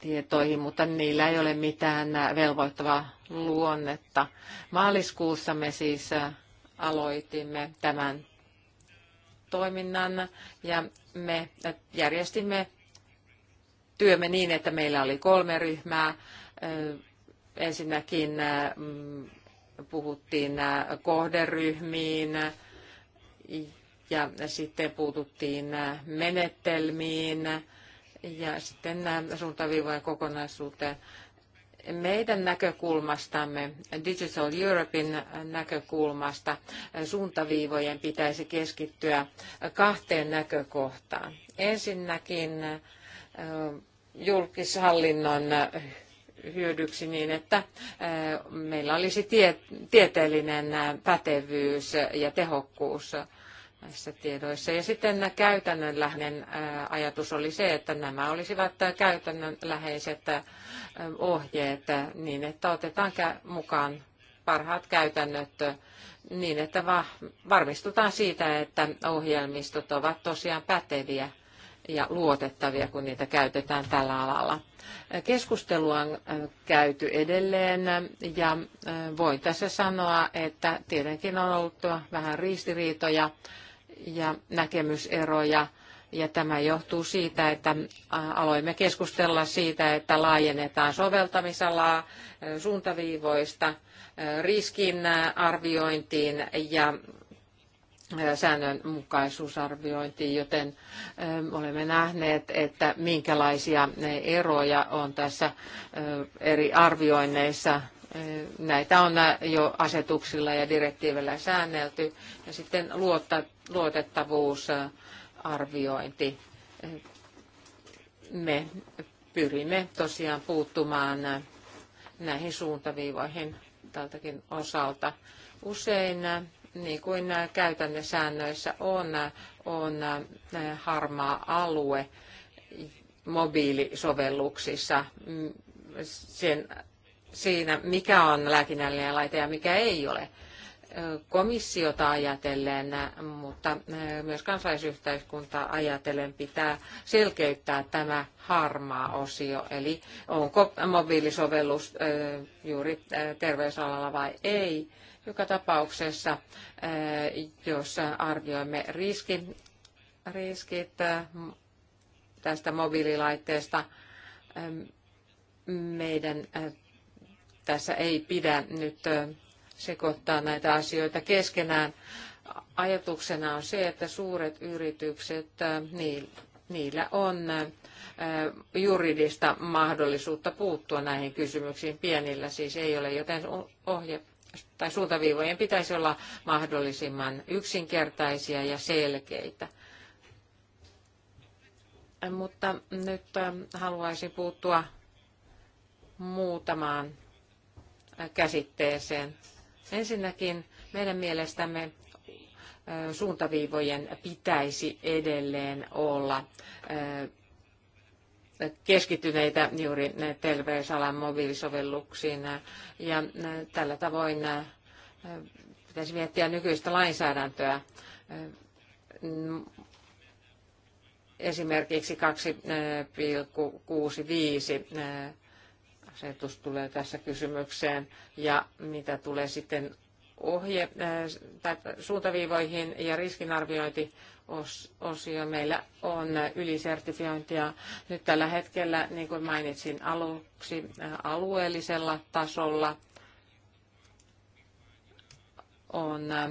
tietoihin, mutta niillä ei ole mitään velvoittavaa luonnetta. Maaliskuussa me siis aloitimme tämän toiminnan ja me järjestimme työmme niin, että meillä oli kolme ryhmää. Ensinnäkin mm, puhuttiin kohderyhmiin ja sitten puututtiin menetelmiin ja sitten nämä äh, suuntaviivojen kokonaisuuteen. Meidän näkökulmastamme, Digital Europein näkökulmasta, äh, suuntaviivojen pitäisi keskittyä kahteen näkökohtaan. Ensinnäkin äh, julkishallinnon hyödyksi niin, että meillä olisi tieteellinen pätevyys ja tehokkuus näissä tiedoissa. Ja sitten käytännönläheinen äh, ajatus oli se, että nämä olisivat äh, käytännönläheiset äh, ohjeet niin, että otetaan mukaan parhaat käytännöt niin, että varmistutaan siitä, että ohjelmistot ovat tosiaan päteviä ja luotettavia, kun niitä käytetään tällä alalla. Keskustelua on käyty edelleen ja voin tässä sanoa, että tietenkin on ollut vähän ristiriitoja ja näkemyseroja. Ja tämä johtuu siitä, että aloimme keskustella siitä, että laajennetaan soveltamisalaa suuntaviivoista riskin arviointiin ja säännönmukaisuusarviointiin, joten olemme nähneet, että minkälaisia eroja on tässä eri arvioinneissa. Näitä on jo asetuksilla ja direktiivillä säännelty. Ja sitten luottaa luotettavuusarviointi. Me pyrimme tosiaan puuttumaan näihin suuntaviivoihin tältäkin osalta. Usein, niin kuin käytännön säännöissä on, on harmaa alue mobiilisovelluksissa sen, siinä, mikä on lääkinnällinen laite ja mikä ei ole komissiota ajatellen, mutta eh, myös kansalaisyhteiskuntaa ajatellen pitää selkeyttää tämä harmaa osio, eli onko mobiilisovellus eh, juuri eh, terveysalalla vai ei. Joka tapauksessa, jos arvioimme riski, riskit tästä mobiililaitteesta, meidän tässä ei pidä nyt sekoittaa näitä asioita keskenään. Ajatuksena on se, että suuret yritykset, äh, niin, niillä on äh, juridista mahdollisuutta puuttua näihin kysymyksiin. Pienillä siis ei ole, joten ohje tai suuntaviivojen pitäisi olla mahdollisimman yksinkertaisia ja selkeitä. Mutta nyt äh, haluaisin puuttua muutamaan käsitteeseen. Ensinnäkin meidän mielestämme suuntaviivojen pitäisi edelleen olla keskittyneitä juuri terveysalan mobiilisovelluksiin ja tällä tavoin pitäisi miettiä nykyistä lainsäädäntöä. Esimerkiksi 2,65 asetus tulee tässä kysymykseen ja mitä tulee sitten ohje äh, suuntaviivoihin ja riskinarviointi osio meillä on ylisertifiointia nyt tällä hetkellä, niin kuin mainitsin aluksi, äh, alueellisella tasolla on äh,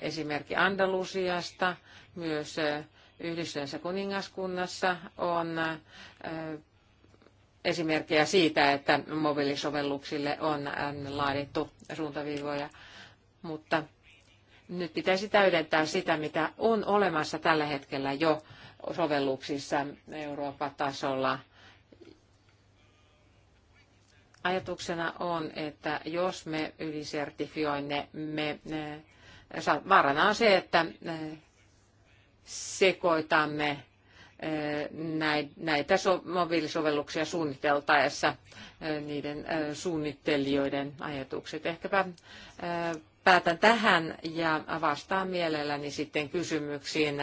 esimerkki Andalusiasta, myös äh, Yhdistyneessä kuningaskunnassa on esimerkkejä siitä, että mobiilisovelluksille on ähm, laadittu suuntaviivoja, mutta nyt pitäisi täydentää sitä, mitä on olemassa tällä hetkellä jo sovelluksissa Euroopan tasolla. Ajatuksena on, että jos me ylisertifioimme, me, äh, vaarana on se, että äh, sekoitamme näitä mobiilisovelluksia suunniteltaessa niiden suunnittelijoiden ajatukset. Ehkäpä päätän tähän ja vastaan mielelläni sitten kysymyksiin,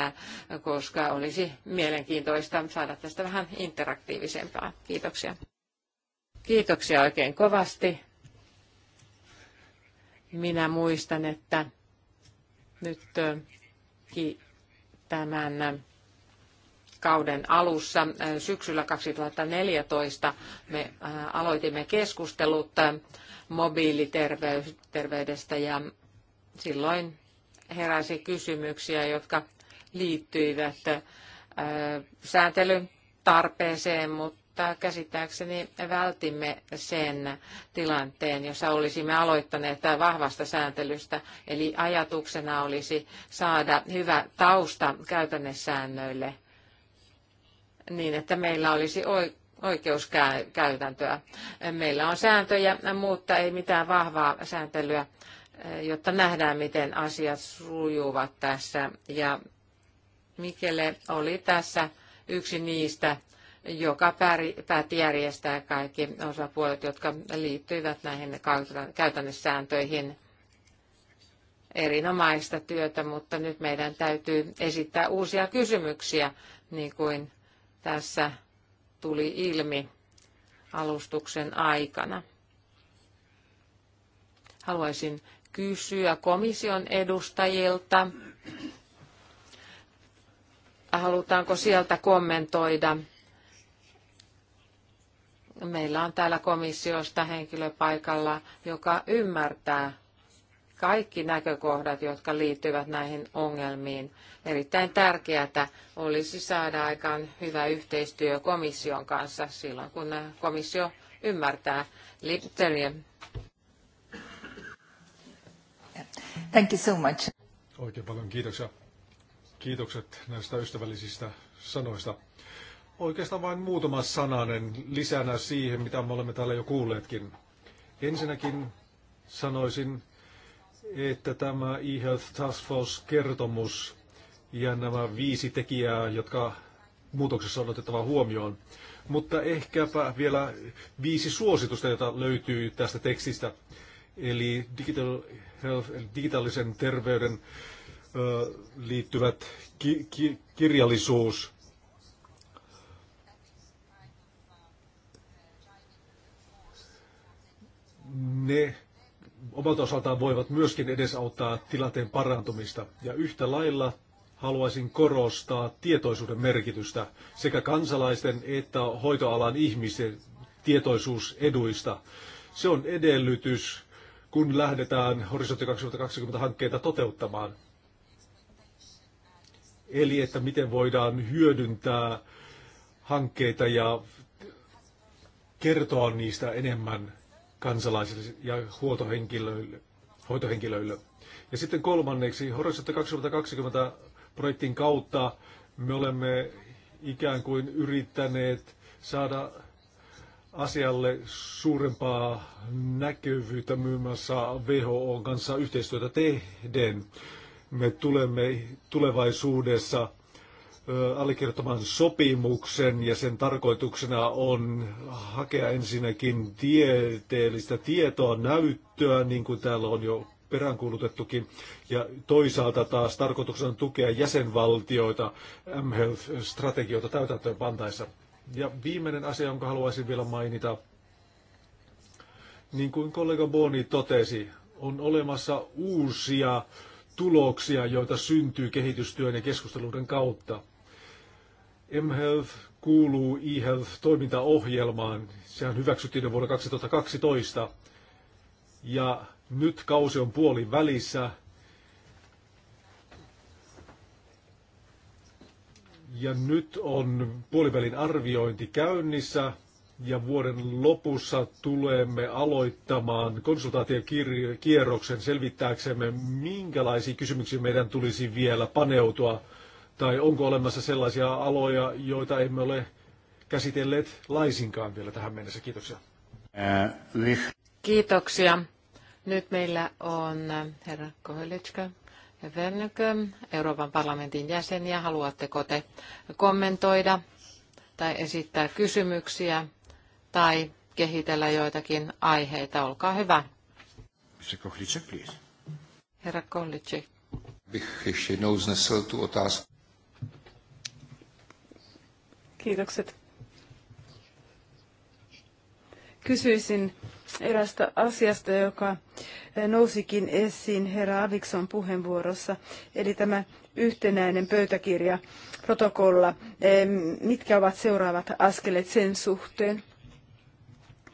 koska olisi mielenkiintoista saada tästä vähän interaktiivisempaa. Kiitoksia. Kiitoksia oikein kovasti. Minä muistan, että nyt tämän kauden alussa äh, syksyllä 2014 me äh, aloitimme keskustelut äh, mobiiliterveydestä ja silloin heräsi kysymyksiä, jotka liittyivät sääntelyn tarpeeseen, mutta käsittääkseni vältimme sen tilanteen, jossa olisimme aloittaneet vahvasta sääntelystä. Eli ajatuksena olisi saada hyvä tausta käytännössäännöille niin, että meillä olisi oikeuskäytäntöä. Meillä on sääntöjä, mutta ei mitään vahvaa sääntelyä, jotta nähdään, miten asiat sujuvat tässä. Ja Mikele oli tässä yksi niistä, joka päätti järjestää kaikki osapuolet, jotka liittyivät näihin käytännössääntöihin. Erinomaista työtä, mutta nyt meidän täytyy esittää uusia kysymyksiä, niin kuin tässä tuli ilmi alustuksen aikana. Haluaisin kysyä komission edustajilta, halutaanko sieltä kommentoida. Meillä on täällä komissiosta henkilö paikalla, joka ymmärtää kaikki näkökohdat, jotka liittyvät näihin ongelmiin. Erittäin tärkeää olisi saada aikaan hyvä yhteistyö komission kanssa silloin, kun komissio ymmärtää Lipterien. Thank you so much. Oikein paljon kiitoksia. Kiitokset näistä ystävällisistä sanoista. Oikeastaan vain muutama sananen lisänä siihen, mitä me olemme täällä jo kuulleetkin. Ensinnäkin sanoisin, että tämä e-Health Task Force-kertomus ja nämä viisi tekijää, jotka muutoksessa on otettava huomioon, mutta ehkäpä vielä viisi suositusta, joita löytyy tästä tekstistä. Eli digital health, digitaalisen terveyden ö, liittyvät ki, ki, kirjallisuus. Ne omalta osaltaan voivat myöskin edesauttaa tilanteen parantumista. Ja yhtä lailla haluaisin korostaa tietoisuuden merkitystä sekä kansalaisten että hoitoalan ihmisten tietoisuus eduista. Se on edellytys, kun lähdetään Horisontti 2020 hankkeita toteuttamaan. Eli että miten voidaan hyödyntää hankkeita ja kertoa niistä enemmän kansalaisille ja huoltohenkilöille, hoitohenkilöille. Ja sitten kolmanneksi, Horisontti 2020 projektin kautta me olemme ikään kuin yrittäneet saada asialle suurempaa näkyvyyttä muun muassa WHO kanssa yhteistyötä tehden. Me tulemme tulevaisuudessa allekirjoittaman sopimuksen ja sen tarkoituksena on hakea ensinnäkin tieteellistä tietoa, näyttöä, niin kuin täällä on jo peräänkuulutettukin, ja toisaalta taas tarkoituksena on tukea jäsenvaltioita mHealth-strategioita täytäntöön pantaessa. Ja viimeinen asia, jonka haluaisin vielä mainita, niin kuin kollega Boni totesi, on olemassa uusia tuloksia, joita syntyy kehitystyön ja keskusteluiden kautta mHealth kuuluu eHealth-toimintaohjelmaan. Sehän hyväksyttiin jo vuonna 2012. Ja nyt kausi on puolin välissä. Ja nyt on puolivälin arviointi käynnissä ja vuoden lopussa tulemme aloittamaan konsultaatiokierroksen selvittääksemme, minkälaisiin kysymyksiin meidän tulisi vielä paneutua – tai onko olemassa sellaisia aloja, joita emme ole käsitelleet laisinkaan vielä tähän mennessä. Kiitoksia. Kiitoksia. Nyt meillä on eh, herra Kohelitska ja Vernökö, Euroopan parlamentin jäseniä. Haluatteko te kommentoida tai esittää kysymyksiä tai kehitellä joitakin aiheita? Olkaa hyvä. Mr. Kohlicek, please. Herra Kohelitska. Bych ještě jednou znesl tu otázku. Kiitokset. Kysyisin erästä asiasta, joka nousikin esiin herra Avikson puheenvuorossa, eli tämä yhtenäinen pöytäkirja, protokolla. Mitkä ovat seuraavat askeleet sen suhteen?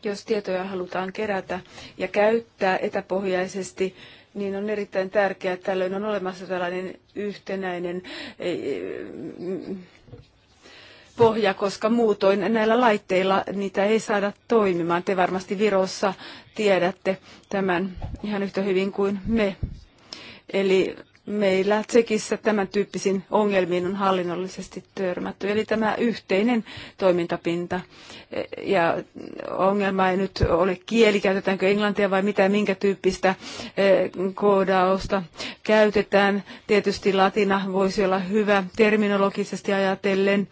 Jos tietoja halutaan kerätä ja käyttää etäpohjaisesti, niin on erittäin tärkeää, että tällöin on olemassa tällainen yhtenäinen pohja, koska muutoin näillä laitteilla niitä ei saada toimimaan. Te varmasti Virossa tiedätte tämän ihan yhtä hyvin kuin me. Eli meillä Tsekissä tämän tyyppisiin ongelmiin on hallinnollisesti törmätty. Eli tämä yhteinen toimintapinta ja ongelma ei nyt ole kieli, käytetäänkö englantia vai mitä, minkä tyyppistä eh, koodausta käytetään. Tietysti latina voisi olla hyvä terminologisesti ajatellen.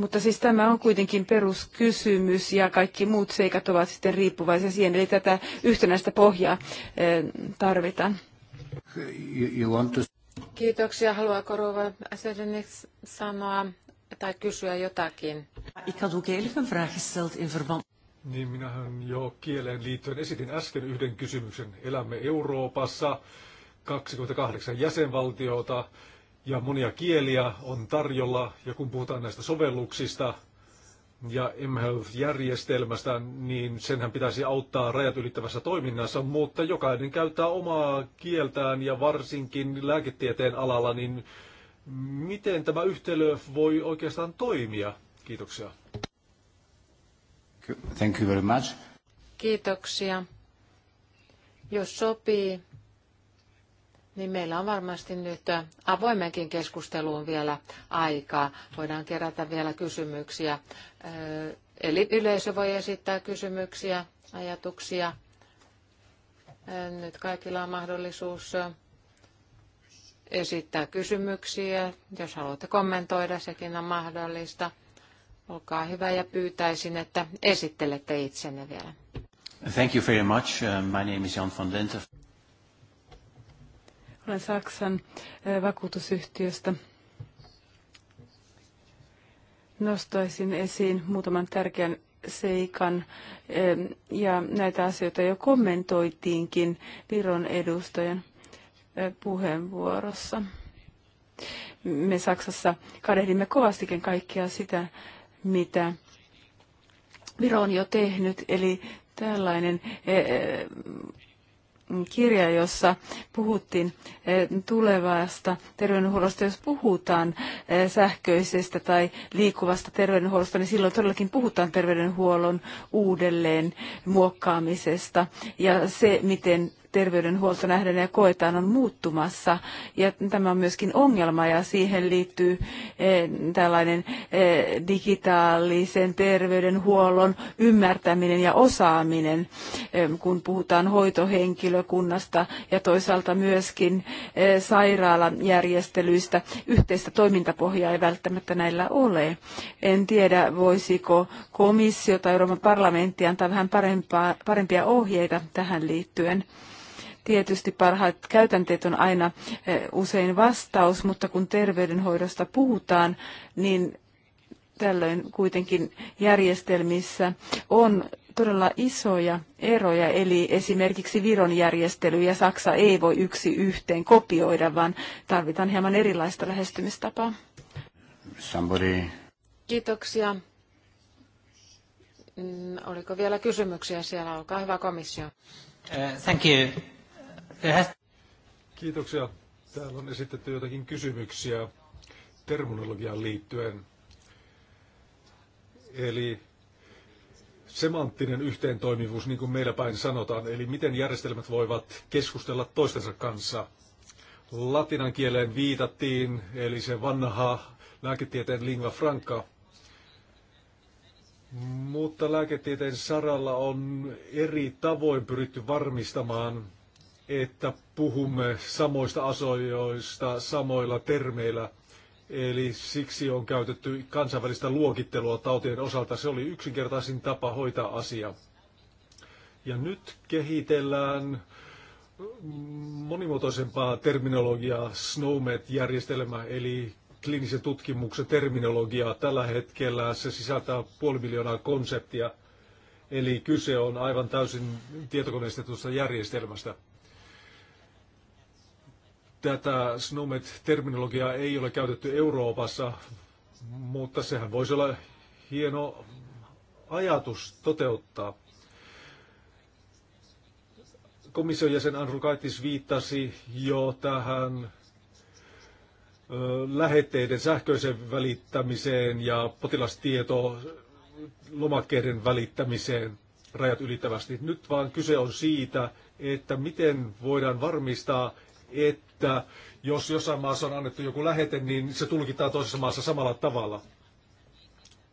Mutta siis tämä on kuitenkin peruskysymys ja kaikki muut seikat ovat sitten riippuvaisia siihen, eli tätä yhtenäistä pohjaa eh, tarvitaan. Kiitoksia. Haluaako Rova Sedenex sanoa tai kysyä jotakin? Niin, minähän jo kieleen liittyen esitin äsken yhden kysymyksen. Elämme Euroopassa, 28 jäsenvaltiota, ja monia kieliä on tarjolla. Ja kun puhutaan näistä sovelluksista ja mHealth-järjestelmästä, niin senhän pitäisi auttaa rajat ylittävässä toiminnassa, mutta jokainen käyttää omaa kieltään ja varsinkin lääketieteen alalla, niin miten tämä yhtälö voi oikeastaan toimia? Kiitoksia. Thank you very much. Kiitoksia. Jos sopii, niin meillä on varmasti nyt avoimenkin keskusteluun vielä aikaa. Voidaan kerätä vielä kysymyksiä. Eli yleisö voi esittää kysymyksiä, ajatuksia. Nyt kaikilla on mahdollisuus esittää kysymyksiä. Jos haluatte kommentoida, sekin on mahdollista. Olkaa hyvä ja pyytäisin, että esittelette itsenne vielä. Thank you very much. Uh, my name is Jan van Lente. Olen Saksan vakuutusyhtiöstä. Nostaisin esiin muutaman tärkeän seikan, ja näitä asioita jo kommentoitiinkin Viron edustajan puheenvuorossa. Me Saksassa kadehdimme kovastikin kaikkea sitä, mitä Viro on jo tehnyt, eli tällainen kirja, jossa puhuttiin eh, tulevasta terveydenhuollosta. Jos puhutaan eh, sähköisestä tai liikkuvasta terveydenhuollosta, niin silloin todellakin puhutaan terveydenhuollon uudelleen muokkaamisesta ja se, miten terveydenhuolto nähdään ja koetaan on muuttumassa. Ja tämä on myöskin ongelma ja siihen liittyy eh, tällainen eh, digitaalisen terveydenhuollon ymmärtäminen ja osaaminen, eh, kun puhutaan hoitohenkilökunnasta ja toisaalta myöskin sairaalajärjestelyistä. Yhteistä toimintapohjaa ei välttämättä näillä ole. En tiedä, voisiko komissio tai Euroopan parlamentti antaa vähän parempaa, parempia ohjeita tähän liittyen. Tietysti parhaat käytänteet on aina eh, usein vastaus, mutta kun terveydenhoidosta puhutaan, niin tällöin kuitenkin järjestelmissä on todella isoja eroja, eli esimerkiksi Viron järjestely ja Saksa ei voi yksi yhteen kopioida, vaan tarvitaan hieman erilaista lähestymistapaa. Somebody. Kiitoksia. Mm, oliko vielä kysymyksiä siellä? Olkaa hyvä komissio. Uh, thank you. Kiitoksia. Täällä on esitetty jotakin kysymyksiä terminologiaan liittyen. Eli semanttinen yhteentoimivuus, niin kuin meillä päin sanotaan, eli miten järjestelmät voivat keskustella toistensa kanssa. Latinan kieleen viitattiin, eli se vanha lääketieteen lingua franca. Mutta lääketieteen saralla on eri tavoin pyritty varmistamaan että puhumme samoista asioista samoilla termeillä. Eli siksi on käytetty kansainvälistä luokittelua tautien osalta. Se oli yksinkertaisin tapa hoitaa asia. Ja nyt kehitellään monimuotoisempaa terminologiaa, SNOMED-järjestelmä, eli kliinisen tutkimuksen terminologiaa. Tällä hetkellä se sisältää puoli miljoonaa konseptia, eli kyse on aivan täysin tietokoneistetusta järjestelmästä tätä snomed terminologiaa ei ole käytetty Euroopassa, mutta sehän voisi olla hieno ajatus toteuttaa. Komission jäsen Andrew Kaitis viittasi jo tähän lähetteiden sähköisen välittämiseen ja potilastieto lomakkeiden välittämiseen rajat ylittävästi. Nyt vaan kyse on siitä, että miten voidaan varmistaa, että jos jossain maassa on annettu joku lähete, niin se tulkitaan toisessa maassa samalla tavalla.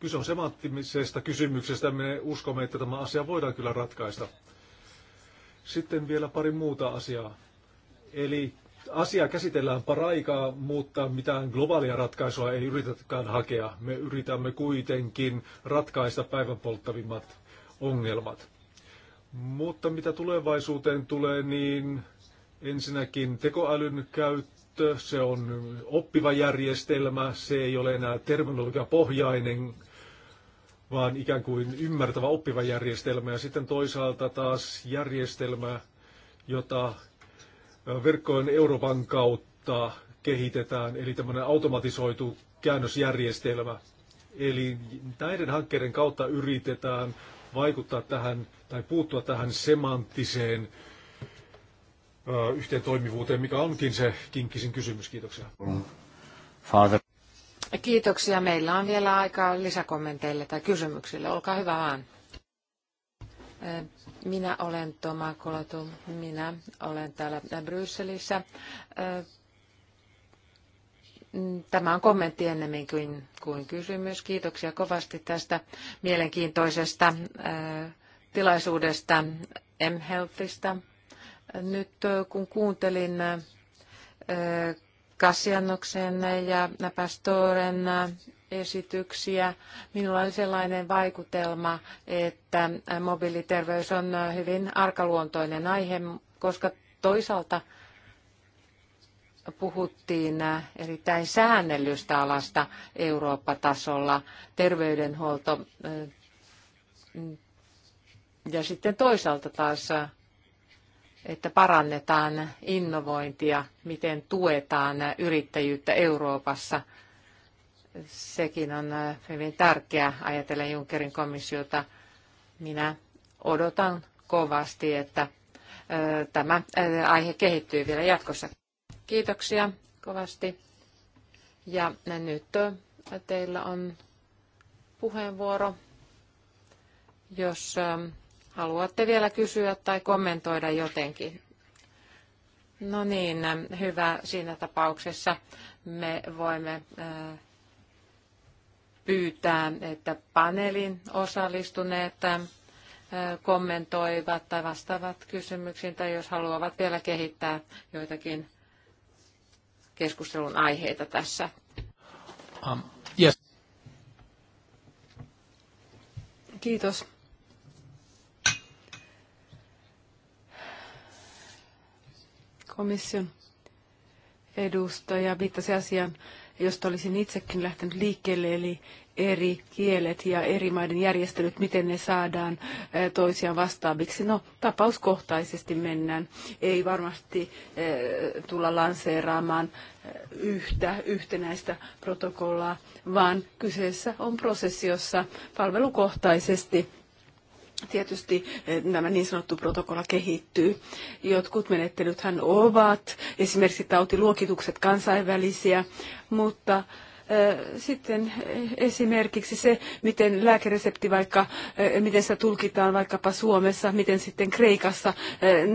Kyse on semanttisesta kysymyksestä. Me uskomme, että tämä asia voidaan kyllä ratkaista. Sitten vielä pari muuta asiaa. Eli asia käsitellään paraikaa, mutta mitään globaalia ratkaisua ei yritetäkään hakea. Me yritämme kuitenkin ratkaista päivän polttavimmat ongelmat. Mutta mitä tulevaisuuteen tulee, niin Ensinnäkin tekoälyn käyttö, se on oppiva järjestelmä, se ei ole enää terminologiapohjainen, vaan ikään kuin ymmärtävä oppiva järjestelmä. Ja sitten toisaalta taas järjestelmä, jota verkkojen Euroopan kautta kehitetään, eli tämmöinen automatisoitu käännösjärjestelmä. Eli näiden hankkeiden kautta yritetään vaikuttaa tähän tai puuttua tähän semanttiseen yhteen toimivuuteen, mikä onkin se kinkkisin kysymys. Kiitoksia. Father. Kiitoksia. Meillä on vielä aikaa lisäkommenteille tai kysymyksille. Olkaa hyvä vaan. Minä olen Toma Kolatu. Minä olen täällä Brysselissä. Tämä on kommentti ennemmin kuin, kuin kysymys. Kiitoksia kovasti tästä mielenkiintoisesta tilaisuudesta M-Healthista. Nyt kun kuuntelin Kasiannoksen ja Pastoren esityksiä. Minulla oli sellainen vaikutelma, että mobiiliterveys on hyvin arkaluontoinen aihe, koska toisaalta puhuttiin erittäin säännellystä alasta Eurooppa-tasolla, terveydenhuolto ja sitten toisaalta taas että parannetaan innovointia, miten tuetaan yrittäjyyttä Euroopassa. Sekin on äh, hyvin tärkeää ajatella Junckerin komissiota. Minä odotan kovasti, että äh, tämä äh, aihe kehittyy vielä jatkossa. Kiitoksia kovasti. Ja nyt teillä on puheenvuoro, jos ähm, Haluatte vielä kysyä tai kommentoida jotenkin? No niin, hyvä. Siinä tapauksessa me voimme äh, pyytää, että paneelin osallistuneet äh, kommentoivat tai vastaavat kysymyksiin, tai jos haluavat vielä kehittää joitakin keskustelun aiheita tässä. Um, yes. Kiitos. komission edustaja viittasi asiaan, josta olisin itsekin lähtenyt liikkeelle, eli eri kielet ja eri maiden järjestelyt, miten ne saadaan eh, toisiaan vastaaviksi. No, tapauskohtaisesti mennään. Ei varmasti eh, tulla lanseeraamaan eh, yhtä yhtenäistä protokollaa, vaan kyseessä on prosessi, jossa palvelukohtaisesti Tietysti eh, nämä niin sanottu protokolla kehittyy. Jotkut menettelythän ovat, esimerkiksi tautiluokitukset kansainvälisiä, mutta eh, sitten eh, esimerkiksi se, miten lääkeresepti vaikka, miten sitä tulkitaan vaikkapa Suomessa, miten sitten Kreikassa,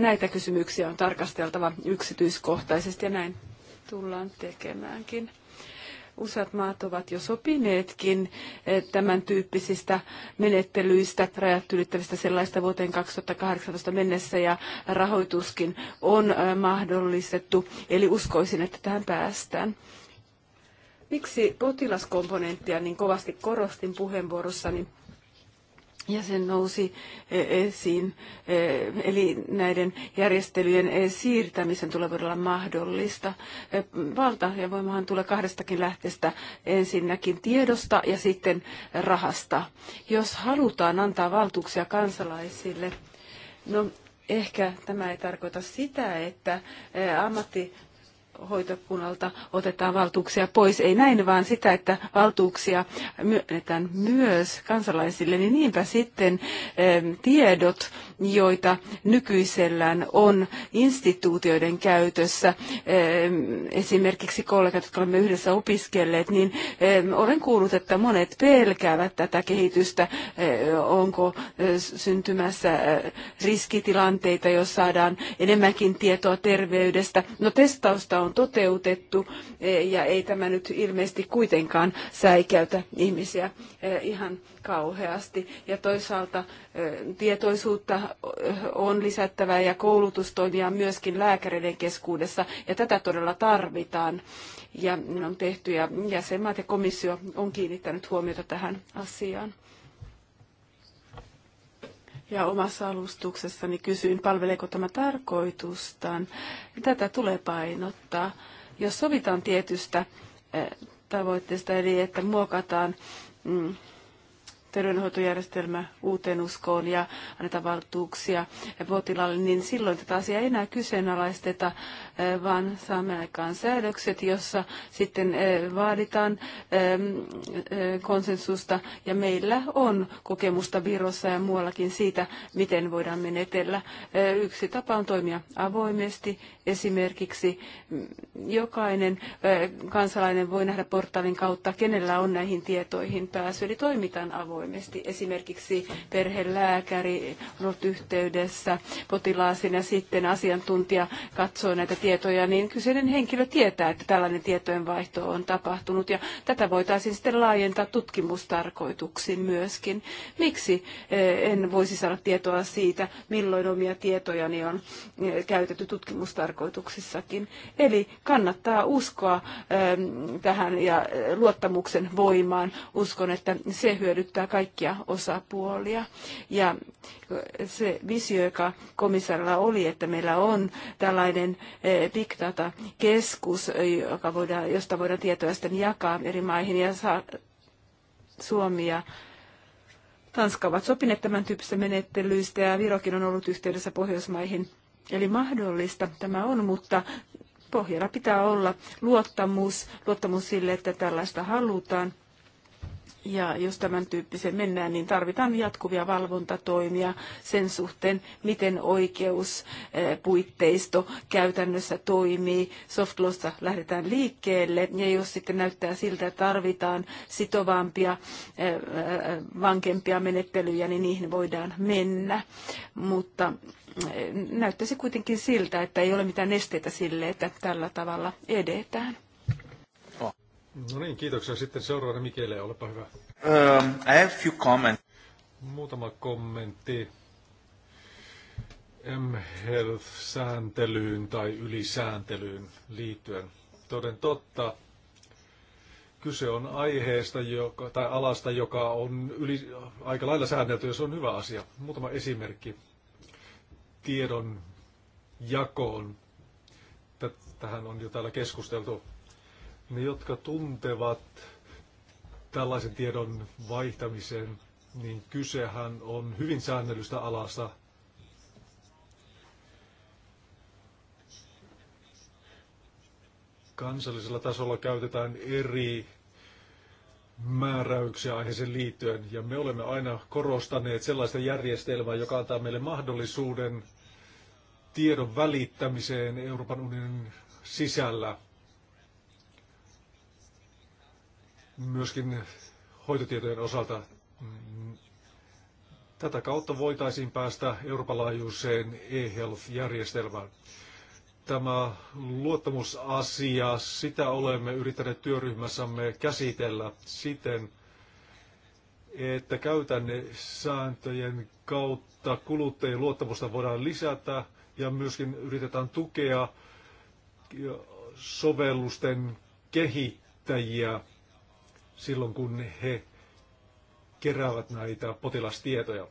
näitä kysymyksiä on tarkasteltava yksityiskohtaisesti ja näin tullaan tekemäänkin. Useat maat ovat jo sopineetkin eh, tämän tyyppisistä menettelyistä, rajat ylittävistä sellaista vuoteen 2018 mennessä ja rahoituskin on eh, mahdollistettu. Eli uskoisin, että tähän päästään. Miksi potilaskomponenttia niin kovasti korostin puheenvuorossani? ja sen nousi e, esiin, e, eli näiden järjestelyjen e, siirtämisen tulee olla mahdollista. Valta ja voimahan tulee kahdestakin lähteestä, ensinnäkin tiedosta ja sitten rahasta. Jos halutaan antaa valtuuksia kansalaisille, no ehkä tämä ei tarkoita sitä, että ammatti hoitokunnalta otetaan valtuuksia pois. Ei näin, vaan sitä, että valtuuksia myönnetään myös kansalaisille, niin niinpä sitten tiedot, joita nykyisellään on instituutioiden käytössä, esimerkiksi kollegat, jotka olemme yhdessä opiskelleet, niin olen kuullut, että monet pelkäävät tätä kehitystä, onko e, syntymässä e, riskitilanteita, jos saadaan enemmänkin tietoa terveydestä. No testausta on on toteutettu e, ja ei tämä nyt ilmeisesti kuitenkaan säikäytä ihmisiä e, ihan kauheasti. Ja toisaalta e, tietoisuutta on lisättävä ja koulutustoimia myöskin lääkäreiden keskuudessa ja tätä todella tarvitaan. Ja on tehty ja jäsenmaat ja komissio on kiinnittänyt huomiota tähän asiaan ja omassa alustuksessani kysyin, palveleeko tämä tarkoitustaan. Tätä tulee painottaa. Jos sovitaan tietystä eh, tavoitteesta, eli että muokataan mm, terveydenhoitojärjestelmä uuteen uskoon ja annetaan valtuuksia potilaalle, niin silloin tätä asiaa ei enää kyseenalaisteta, vaan saamme aikaan säädökset, jossa sitten vaaditaan konsensusta. Ja meillä on kokemusta Virossa ja muuallakin siitä, miten voidaan menetellä. Yksi tapa on toimia avoimesti. Esimerkiksi mm, jokainen kansalainen voi nähdä portaalin kautta, kenellä on näihin tietoihin pääsy. Eli toimitaan avoimesti. Esimerkiksi perhelääkäri on ollut yhteydessä potilaasin ja sitten asiantuntija katsoo näitä tietoja, niin kyseinen henkilö tietää, että tällainen tietojenvaihto on tapahtunut ja tätä voitaisiin sitten laajentaa tutkimustarkoituksiin myöskin. Miksi eh, en voisi saada tietoa siitä, milloin omia tietojani on eh, käytetty tutkimustarkoituksissakin? Eli kannattaa uskoa eh, tähän ja luottamuksen voimaan. Uskon, että se hyödyttää kaikkia osapuolia. Ja se visio, joka komissaarilla oli, että meillä on tällainen Big Data-keskus, joka voidaan, josta voidaan tietoa sitten jakaa eri maihin ja saa Suomi ja Tanska ovat sopineet tämän tyyppisistä menettelyistä ja Virokin on ollut yhteydessä Pohjoismaihin. Eli mahdollista tämä on, mutta pohjalla pitää olla luottamus, luottamus sille, että tällaista halutaan. Ja jos tämän tyyppiseen mennään, niin tarvitaan jatkuvia valvontatoimia sen suhteen, miten oikeuspuitteisto eh, käytännössä toimii. Softlossa lähdetään liikkeelle ja jos sitten näyttää siltä, että tarvitaan sitovampia, eh, eh, vankempia menettelyjä, niin niihin voidaan mennä. Mutta näyttäisi kuitenkin siltä, että ei ole mitään esteitä sille, että tällä tavalla edetään. No niin, kiitoksia. Sitten seuraavana Mikele, olepa hyvä. Um, I have few comments. Muutama kommentti M-Health-sääntelyyn tai ylisääntelyyn liittyen. Toden totta, kyse on aiheesta joka, tai alasta, joka on yli, aika lailla säännelty ja se on hyvä asia. Muutama esimerkki tiedon jakoon. Tähän on jo täällä keskusteltu ne, jotka tuntevat tällaisen tiedon vaihtamisen, niin kysehän on hyvin säännellystä alasta. Kansallisella tasolla käytetään eri määräyksiä aiheeseen liittyen, ja me olemme aina korostaneet sellaista järjestelmää, joka antaa meille mahdollisuuden tiedon välittämiseen Euroopan unionin sisällä. myöskin hoitotietojen osalta. Mm. Tätä kautta voitaisiin päästä Euroopan laajuiseen e-health-järjestelmään. Tämä luottamusasia, sitä olemme yrittäneet työryhmässämme käsitellä siten, että käytänne sääntöjen kautta kuluttajien luottamusta voidaan lisätä ja myöskin yritetään tukea sovellusten kehittäjiä silloin, kun he keräävät näitä potilastietoja.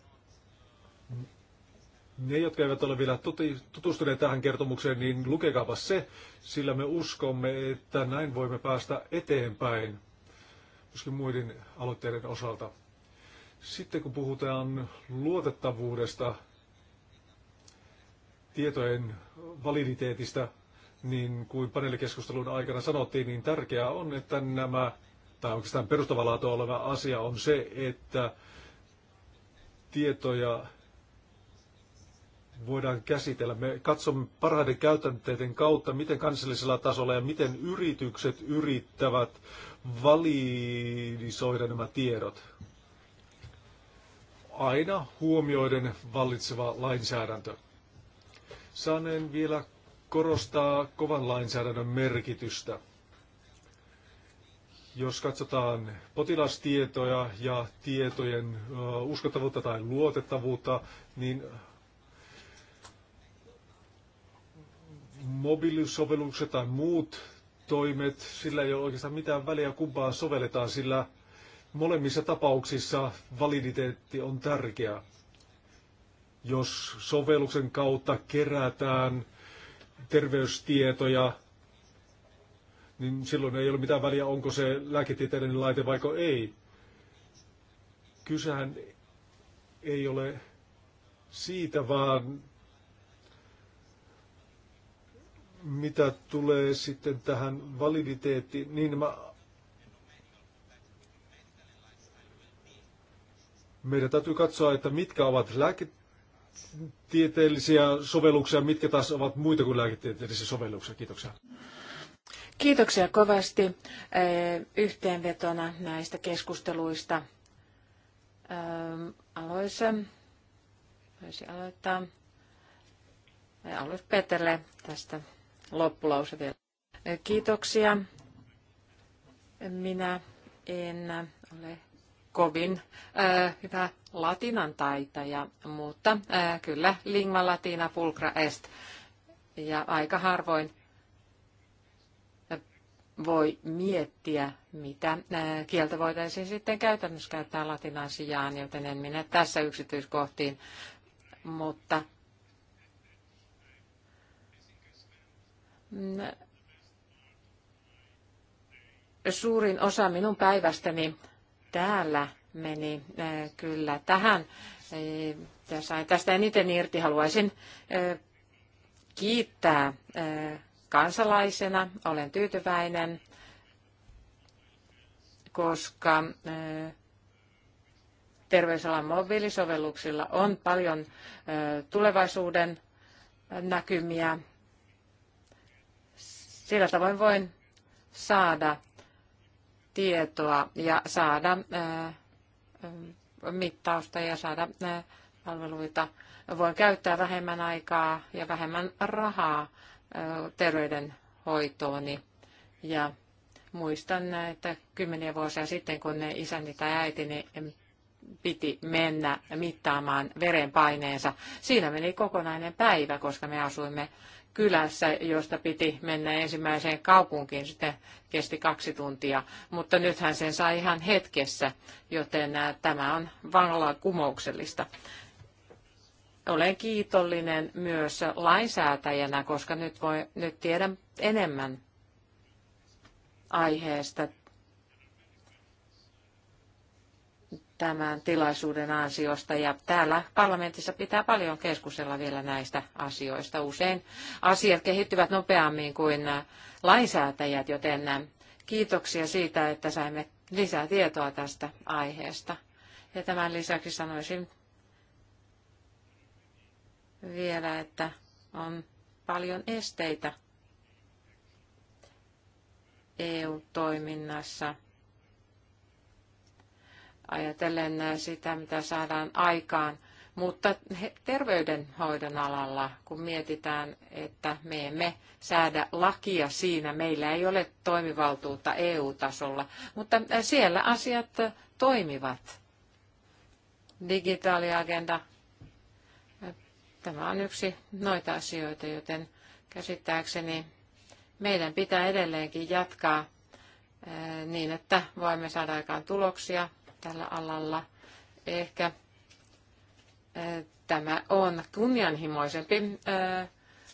Ne, jotka eivät ole vielä tutustuneet tähän kertomukseen, niin lukekaapa se, sillä me uskomme, että näin voimme päästä eteenpäin myöskin muiden aloitteiden osalta. Sitten kun puhutaan luotettavuudesta, tietojen validiteetistä, niin kuin paneelikeskustelun aikana sanottiin, niin tärkeää on, että nämä tai oikeastaan perustavanlaatua oleva asia on se, että tietoja voidaan käsitellä. Me katsomme parhaiden käytänteiden kautta, miten kansallisella tasolla ja miten yritykset yrittävät validisoida nämä tiedot. Aina huomioiden vallitseva lainsäädäntö. Saaneen vielä korostaa kovan lainsäädännön merkitystä. Jos katsotaan potilastietoja ja tietojen uskottavuutta tai luotettavuutta, niin mobiilisovellukset tai muut toimet, sillä ei ole oikeastaan mitään väliä kumpaa sovelletaan, sillä molemmissa tapauksissa validiteetti on tärkeä. Jos sovelluksen kautta kerätään terveystietoja, niin silloin ei ole mitään väliä, onko se lääketieteellinen laite vai ei. Kysehän ei ole siitä, vaan mitä tulee sitten tähän validiteettiin, niin mä meidän täytyy katsoa, että mitkä ovat lääketieteellisiä sovelluksia, mitkä taas ovat muita kuin lääketieteellisiä sovelluksia. Kiitoksia. Kiitoksia kovasti eh, yhteenvetona näistä keskusteluista. Ehm, aloissa. voisi aloittaa. aloit Petelle tästä loppulause vielä. Eh, kiitoksia. Minä en ole kovin äh, hyvä latinan taitaja, mutta äh, kyllä lingua latina pulcra est. Ja aika harvoin voi miettiä, mitä kieltä voitaisiin sitten käytännössä käyttää latinan sijaan, joten en mene tässä yksityiskohtiin, mutta mm, suurin osa minun päivästäni täällä meni kyllä tähän. Ja tästä eniten irti. Haluaisin kiittää kansalaisena olen tyytyväinen, koska äh, terveysalan mobiilisovelluksilla on paljon äh, tulevaisuuden äh, näkymiä. Sillä tavoin voin saada tietoa ja saada mittausta ja saada palveluita. Voin käyttää vähemmän aikaa ja vähemmän rahaa terveydenhoitooni. Ja muistan, että kymmeniä vuosia sitten, kun ne isäni tai äitini piti mennä mittaamaan verenpaineensa. Siinä meni kokonainen päivä, koska me asuimme kylässä, josta piti mennä ensimmäiseen kaupunkiin, sitten kesti kaksi tuntia, mutta nythän sen sai ihan hetkessä, joten tämä on vallan kumouksellista olen kiitollinen myös lainsäätäjänä, koska nyt, voi, nyt tiedän enemmän aiheesta tämän tilaisuuden ansiosta. Ja täällä parlamentissa pitää paljon keskustella vielä näistä asioista. Usein asiat kehittyvät nopeammin kuin lainsäätäjät, joten kiitoksia siitä, että saimme lisää tietoa tästä aiheesta. Ja tämän lisäksi sanoisin vielä, että on paljon esteitä EU-toiminnassa. Ajatellen äh, sitä, mitä saadaan aikaan. Mutta terveydenhoidon alalla, kun mietitään, että me emme säädä lakia siinä, meillä ei ole toimivaltuutta EU-tasolla, mutta äh, siellä asiat äh, toimivat. Digitaaliagenda Tämä on yksi noita asioita, joten käsittääkseni meidän pitää edelleenkin jatkaa niin, että voimme saada aikaan tuloksia tällä alalla. Ehkä tämä on kunnianhimoisempi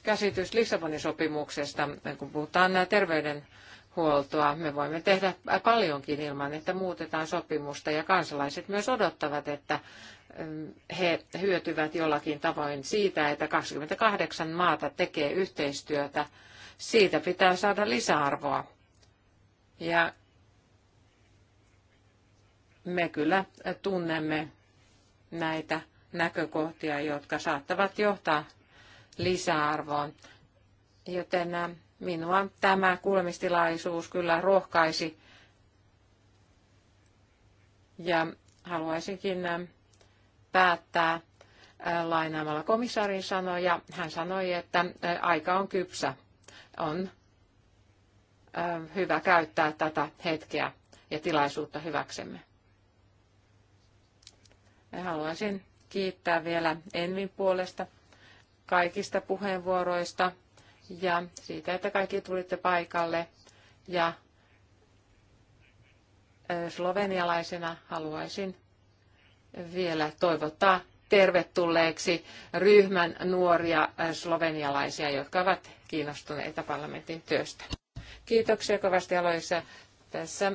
käsitys Lissabonin sopimuksesta, kun puhutaan terveydenhuoltoa. Me voimme tehdä paljonkin ilman, että muutetaan sopimusta ja kansalaiset myös odottavat, että he hyötyvät jollakin tavoin siitä, että 28 maata tekee yhteistyötä. Siitä pitää saada lisäarvoa. Ja me kyllä tunnemme näitä näkökohtia, jotka saattavat johtaa lisäarvoon. Joten äh, minua tämä kuulemistilaisuus kyllä rohkaisi. Ja haluaisinkin äh, päättää lainaamalla komissaarin sanoja. Hän sanoi, että aika on kypsä. On hyvä käyttää tätä hetkeä ja tilaisuutta hyväksemme. Haluaisin kiittää vielä Envin puolesta kaikista puheenvuoroista ja siitä, että kaikki tulitte paikalle. Ja slovenialaisena haluaisin vielä toivottaa tervetulleeksi ryhmän nuoria äh, slovenialaisia, jotka ovat kiinnostuneita parlamentin työstä. Kiitoksia kovasti aloissa Tässä äh,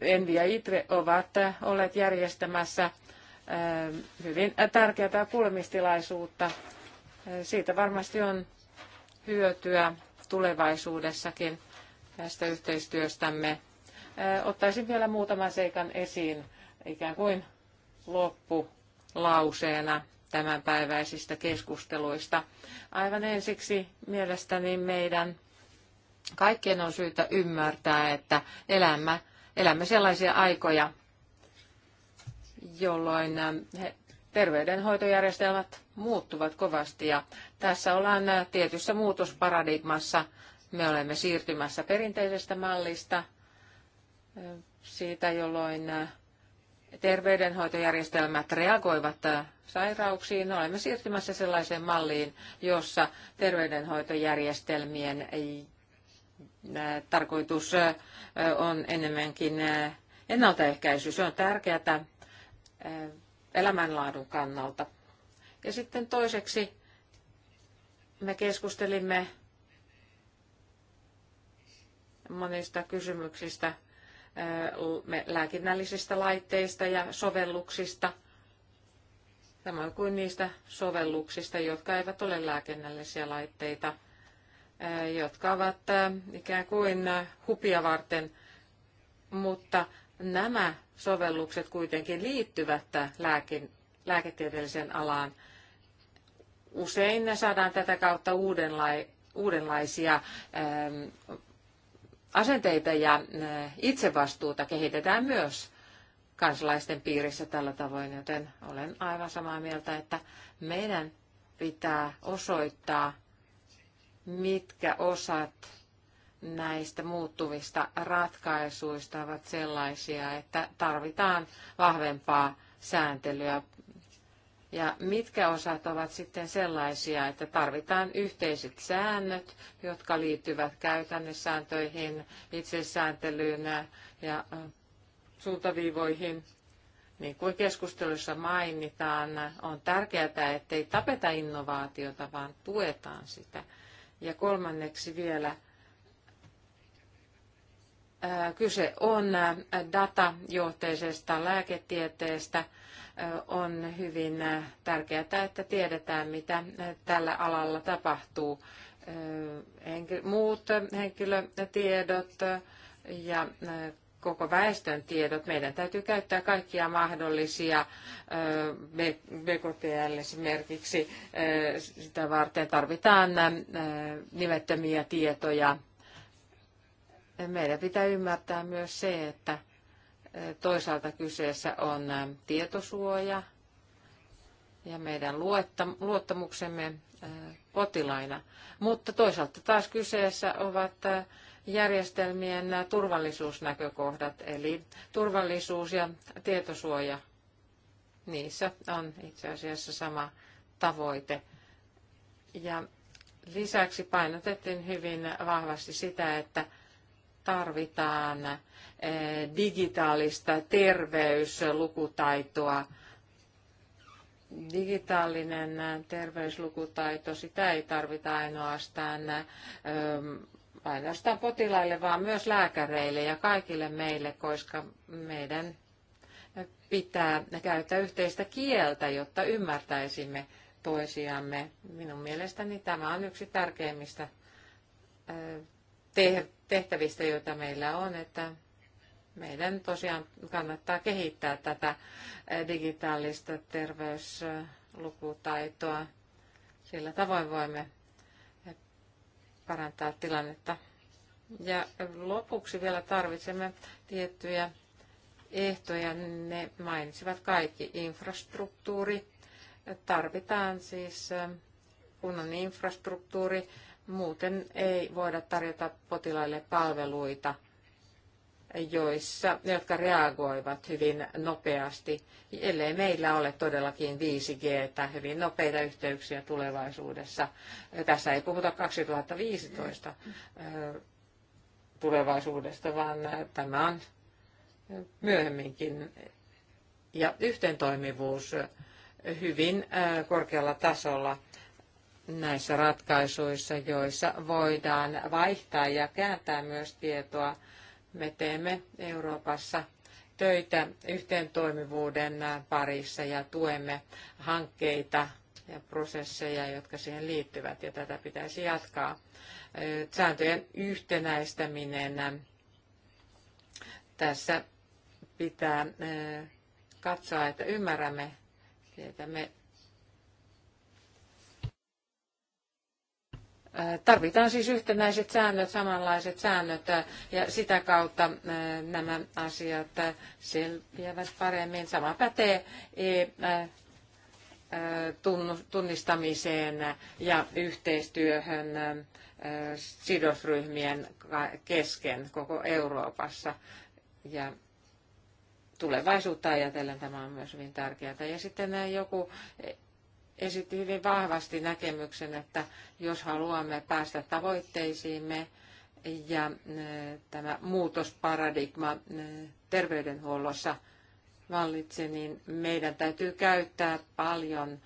Envi ja Itre ovat äh, olleet järjestämässä hyvin tärkeää kuulemistilaisuutta. Siitä varmasti on hyötyä tulevaisuudessakin tästä yhteistyöstämme. Ottaisin vielä muutaman seikan esiin ikään kuin loppulauseena tämänpäiväisistä keskusteluista. Aivan ensiksi mielestäni meidän kaikkien on syytä ymmärtää, että elämä, elämme sellaisia aikoja, jolloin terveydenhoitojärjestelmät muuttuvat kovasti ja tässä ollaan tietyssä muutosparadigmassa me olemme siirtymässä perinteisestä mallista siitä, jolloin terveydenhoitojärjestelmät reagoivat sairauksiin. Olemme siirtymässä sellaiseen malliin, jossa terveydenhoitojärjestelmien tarkoitus on enemmänkin ennaltaehkäisy. Se on tärkeää elämänlaadun kannalta. Ja sitten toiseksi me keskustelimme monista kysymyksistä, lääkinnällisistä laitteista ja sovelluksista, samoin kuin niistä sovelluksista, jotka eivät ole lääkinnällisiä laitteita, jotka ovat ikään kuin hupia varten, mutta nämä sovellukset kuitenkin liittyvät lääketieteelliseen alaan. Usein saadaan tätä kautta uudenlaisia asenteita ja eh, itsevastuuta kehitetään myös kansalaisten piirissä tällä tavoin, joten olen aivan samaa mieltä, että meidän pitää osoittaa, mitkä osat näistä muuttuvista ratkaisuista ovat sellaisia, että tarvitaan vahvempaa sääntelyä ja mitkä osat ovat sitten sellaisia, että tarvitaan yhteiset säännöt, jotka liittyvät käytännössääntöihin, itsesääntelyyn ja äh, suuntaviivoihin. Niin kuin keskustelussa mainitaan, on tärkeää, ettei tapeta innovaatiota, vaan tuetaan sitä. Ja kolmanneksi vielä äh, kyse on äh, datajohteisesta lääketieteestä – on hyvin äh, tärkeää, että tiedetään, mitä äh, tällä alalla tapahtuu. Äh, muut henkilötiedot ja koko väestön tiedot. Meidän täytyy käyttää kaikkia mahdollisia BKTL esimerkiksi. Sitä varten tarvitaan nimettömiä tietoja. Meidän pitää ymmärtää myös se, että Toisaalta kyseessä on tietosuoja ja meidän luottamuksemme potilaina. Mutta toisaalta taas kyseessä ovat järjestelmien turvallisuusnäkökohdat, eli turvallisuus ja tietosuoja. Niissä on itse asiassa sama tavoite. Ja lisäksi painotettiin hyvin vahvasti sitä, että tarvitaan eh, digitaalista terveyslukutaitoa. Digitaalinen eh, terveyslukutaito, sitä ei tarvita ainoastaan eh, mm, ainoastaan potilaille, vaan myös lääkäreille ja kaikille meille, koska meidän pitää käyttää yhteistä kieltä, jotta ymmärtäisimme toisiamme. Minun mielestäni tämä on yksi tärkeimmistä tehtävistä, joita meillä on, että meidän tosiaan kannattaa kehittää tätä eh, digitaalista terveyslukutaitoa. Sillä tavoin voimme eh, parantaa tilannetta. Ja lopuksi vielä tarvitsemme tiettyjä ehtoja. Ne mainitsivat kaikki. Infrastruktuuri. Tarvitaan siis eh, kunnon infrastruktuuri Muuten ei voida tarjota potilaille palveluita, joissa, jotka reagoivat hyvin nopeasti, ellei meillä ole todellakin 5G, hyvin nopeita yhteyksiä tulevaisuudessa. Tässä ei puhuta 2015 äh, tulevaisuudesta, vaan tämä on myöhemminkin. Ja yhteentoimivuus hyvin äh, korkealla tasolla näissä ratkaisuissa, joissa voidaan vaihtaa ja kääntää myös tietoa. Me teemme Euroopassa töitä yhteentoimivuuden parissa ja tuemme hankkeita ja prosesseja, jotka siihen liittyvät, ja tätä pitäisi jatkaa. Sääntöjen yhtenäistäminen tässä pitää eh, katsoa, että ymmärrämme, tietämme Tarvitaan siis yhtenäiset säännöt, samanlaiset säännöt äh, ja sitä kautta äh, nämä asiat äh, selviävät paremmin. Sama pätee e, tunnistamiseen ja yhteistyöhön sidosryhmien kesken koko Euroopassa. Ja tulevaisuutta ajatellen tämä on myös hyvin tärkeää. Ja sitten joku esitti hyvin vahvasti näkemyksen, että jos haluamme päästä tavoitteisiimme ja tämä muutosparadigma terveydenhuollossa vallitse, niin meidän täytyy käyttää paljon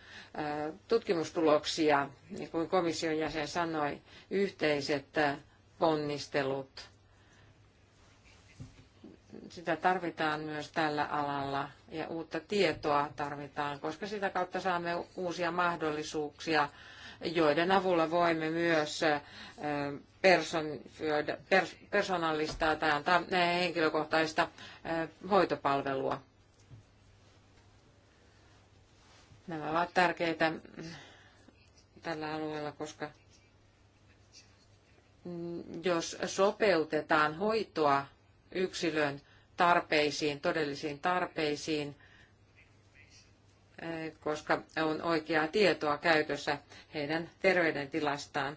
tutkimustuloksia, niin kuin komission jäsen sanoi, yhteiset ponnistelut sitä tarvitaan myös tällä alalla ja uutta tietoa tarvitaan, koska sitä kautta saamme uusia mahdollisuuksia, joiden avulla voimme myös personalistaa tai antaa henkilökohtaista hoitopalvelua. Nämä ovat tärkeitä mm, tällä alueella, koska mm, jos sopeutetaan hoitoa yksilön tarpeisiin, todellisiin tarpeisiin, eh, koska on oikeaa tietoa käytössä heidän terveydentilastaan.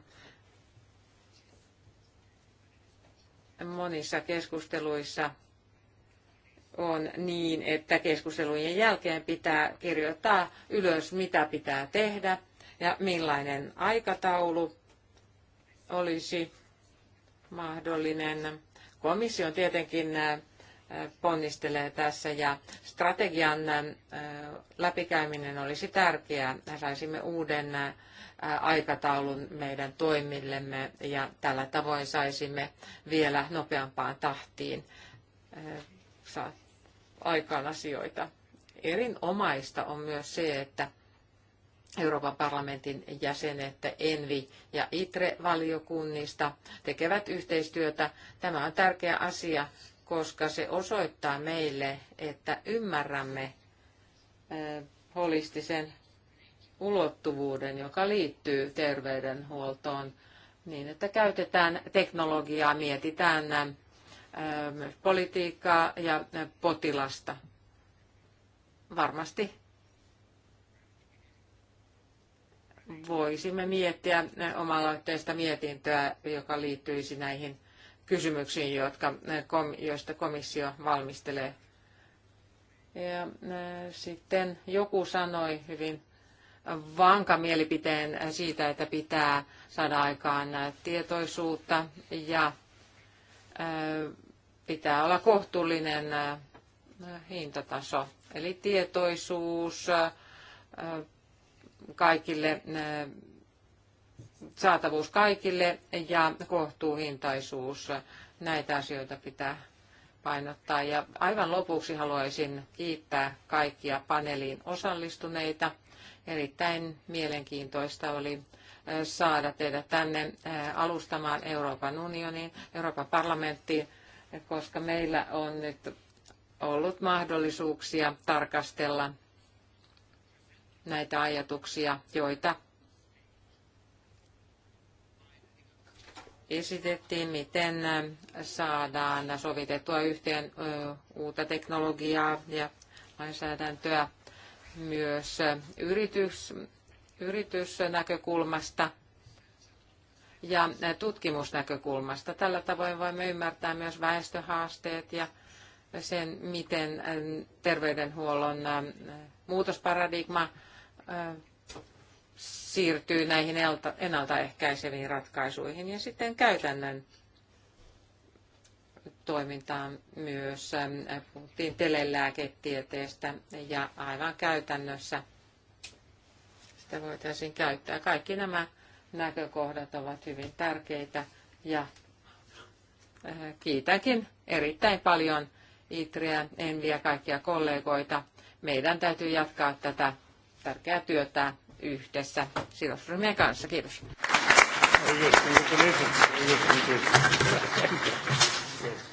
Monissa keskusteluissa on niin, että keskustelujen jälkeen pitää kirjoittaa ylös, mitä pitää tehdä ja millainen aikataulu olisi mahdollinen. Komissio on tietenkin eh, ponnistelee tässä ja strategian läpikäyminen olisi tärkeää. Saisimme uuden aikataulun meidän toimillemme ja tällä tavoin saisimme vielä nopeampaan tahtiin aikaan asioita. Erinomaista on myös se, että Euroopan parlamentin jäsenet Envi ja ITRE-valiokunnista tekevät yhteistyötä. Tämä on tärkeä asia koska se osoittaa meille, että ymmärrämme holistisen ulottuvuuden, joka liittyy terveydenhuoltoon, niin että käytetään teknologiaa, mietitään myös politiikkaa ja potilasta. Varmasti voisimme miettiä omalla yhteistä mietintöä, joka liittyisi näihin kysymyksiin, jotka, eh, joista komissio valmistelee. Ja eh, sitten joku sanoi hyvin vanka mielipiteen siitä, että pitää saada aikaan eh, tietoisuutta ja pitää olla kohtuullinen hintataso. Eli tietoisuus kaikille saatavuus kaikille ja kohtuuhintaisuus. Näitä asioita pitää painottaa. Ja aivan lopuksi haluaisin kiittää kaikkia paneeliin osallistuneita. Erittäin mielenkiintoista oli äh, saada teidät tänne äh, alustamaan Euroopan unionin, Euroopan parlamenttiin, koska meillä on nyt ollut mahdollisuuksia tarkastella näitä ajatuksia, joita esitettiin, miten saadaan sovitettua yhteen uutta teknologiaa ja lainsäädäntöä myös yritys, yritysnäkökulmasta ja tutkimusnäkökulmasta. Tällä tavoin voimme ymmärtää myös väestöhaasteet ja sen, miten terveydenhuollon muutosparadigma siirtyy näihin ennaltaehkäiseviin ratkaisuihin ja sitten käytännön toimintaan myös. Ähm, puhuttiin telelääketieteestä ja aivan käytännössä sitä voitaisiin käyttää. Kaikki nämä näkökohdat ovat hyvin tärkeitä ja äh, kiitänkin erittäin paljon Itriä, Enviä, kaikkia kollegoita. Meidän täytyy jatkaa tätä tärkeää työtä yhdessä sidosryhmien kanssa. Kiitos. Yes,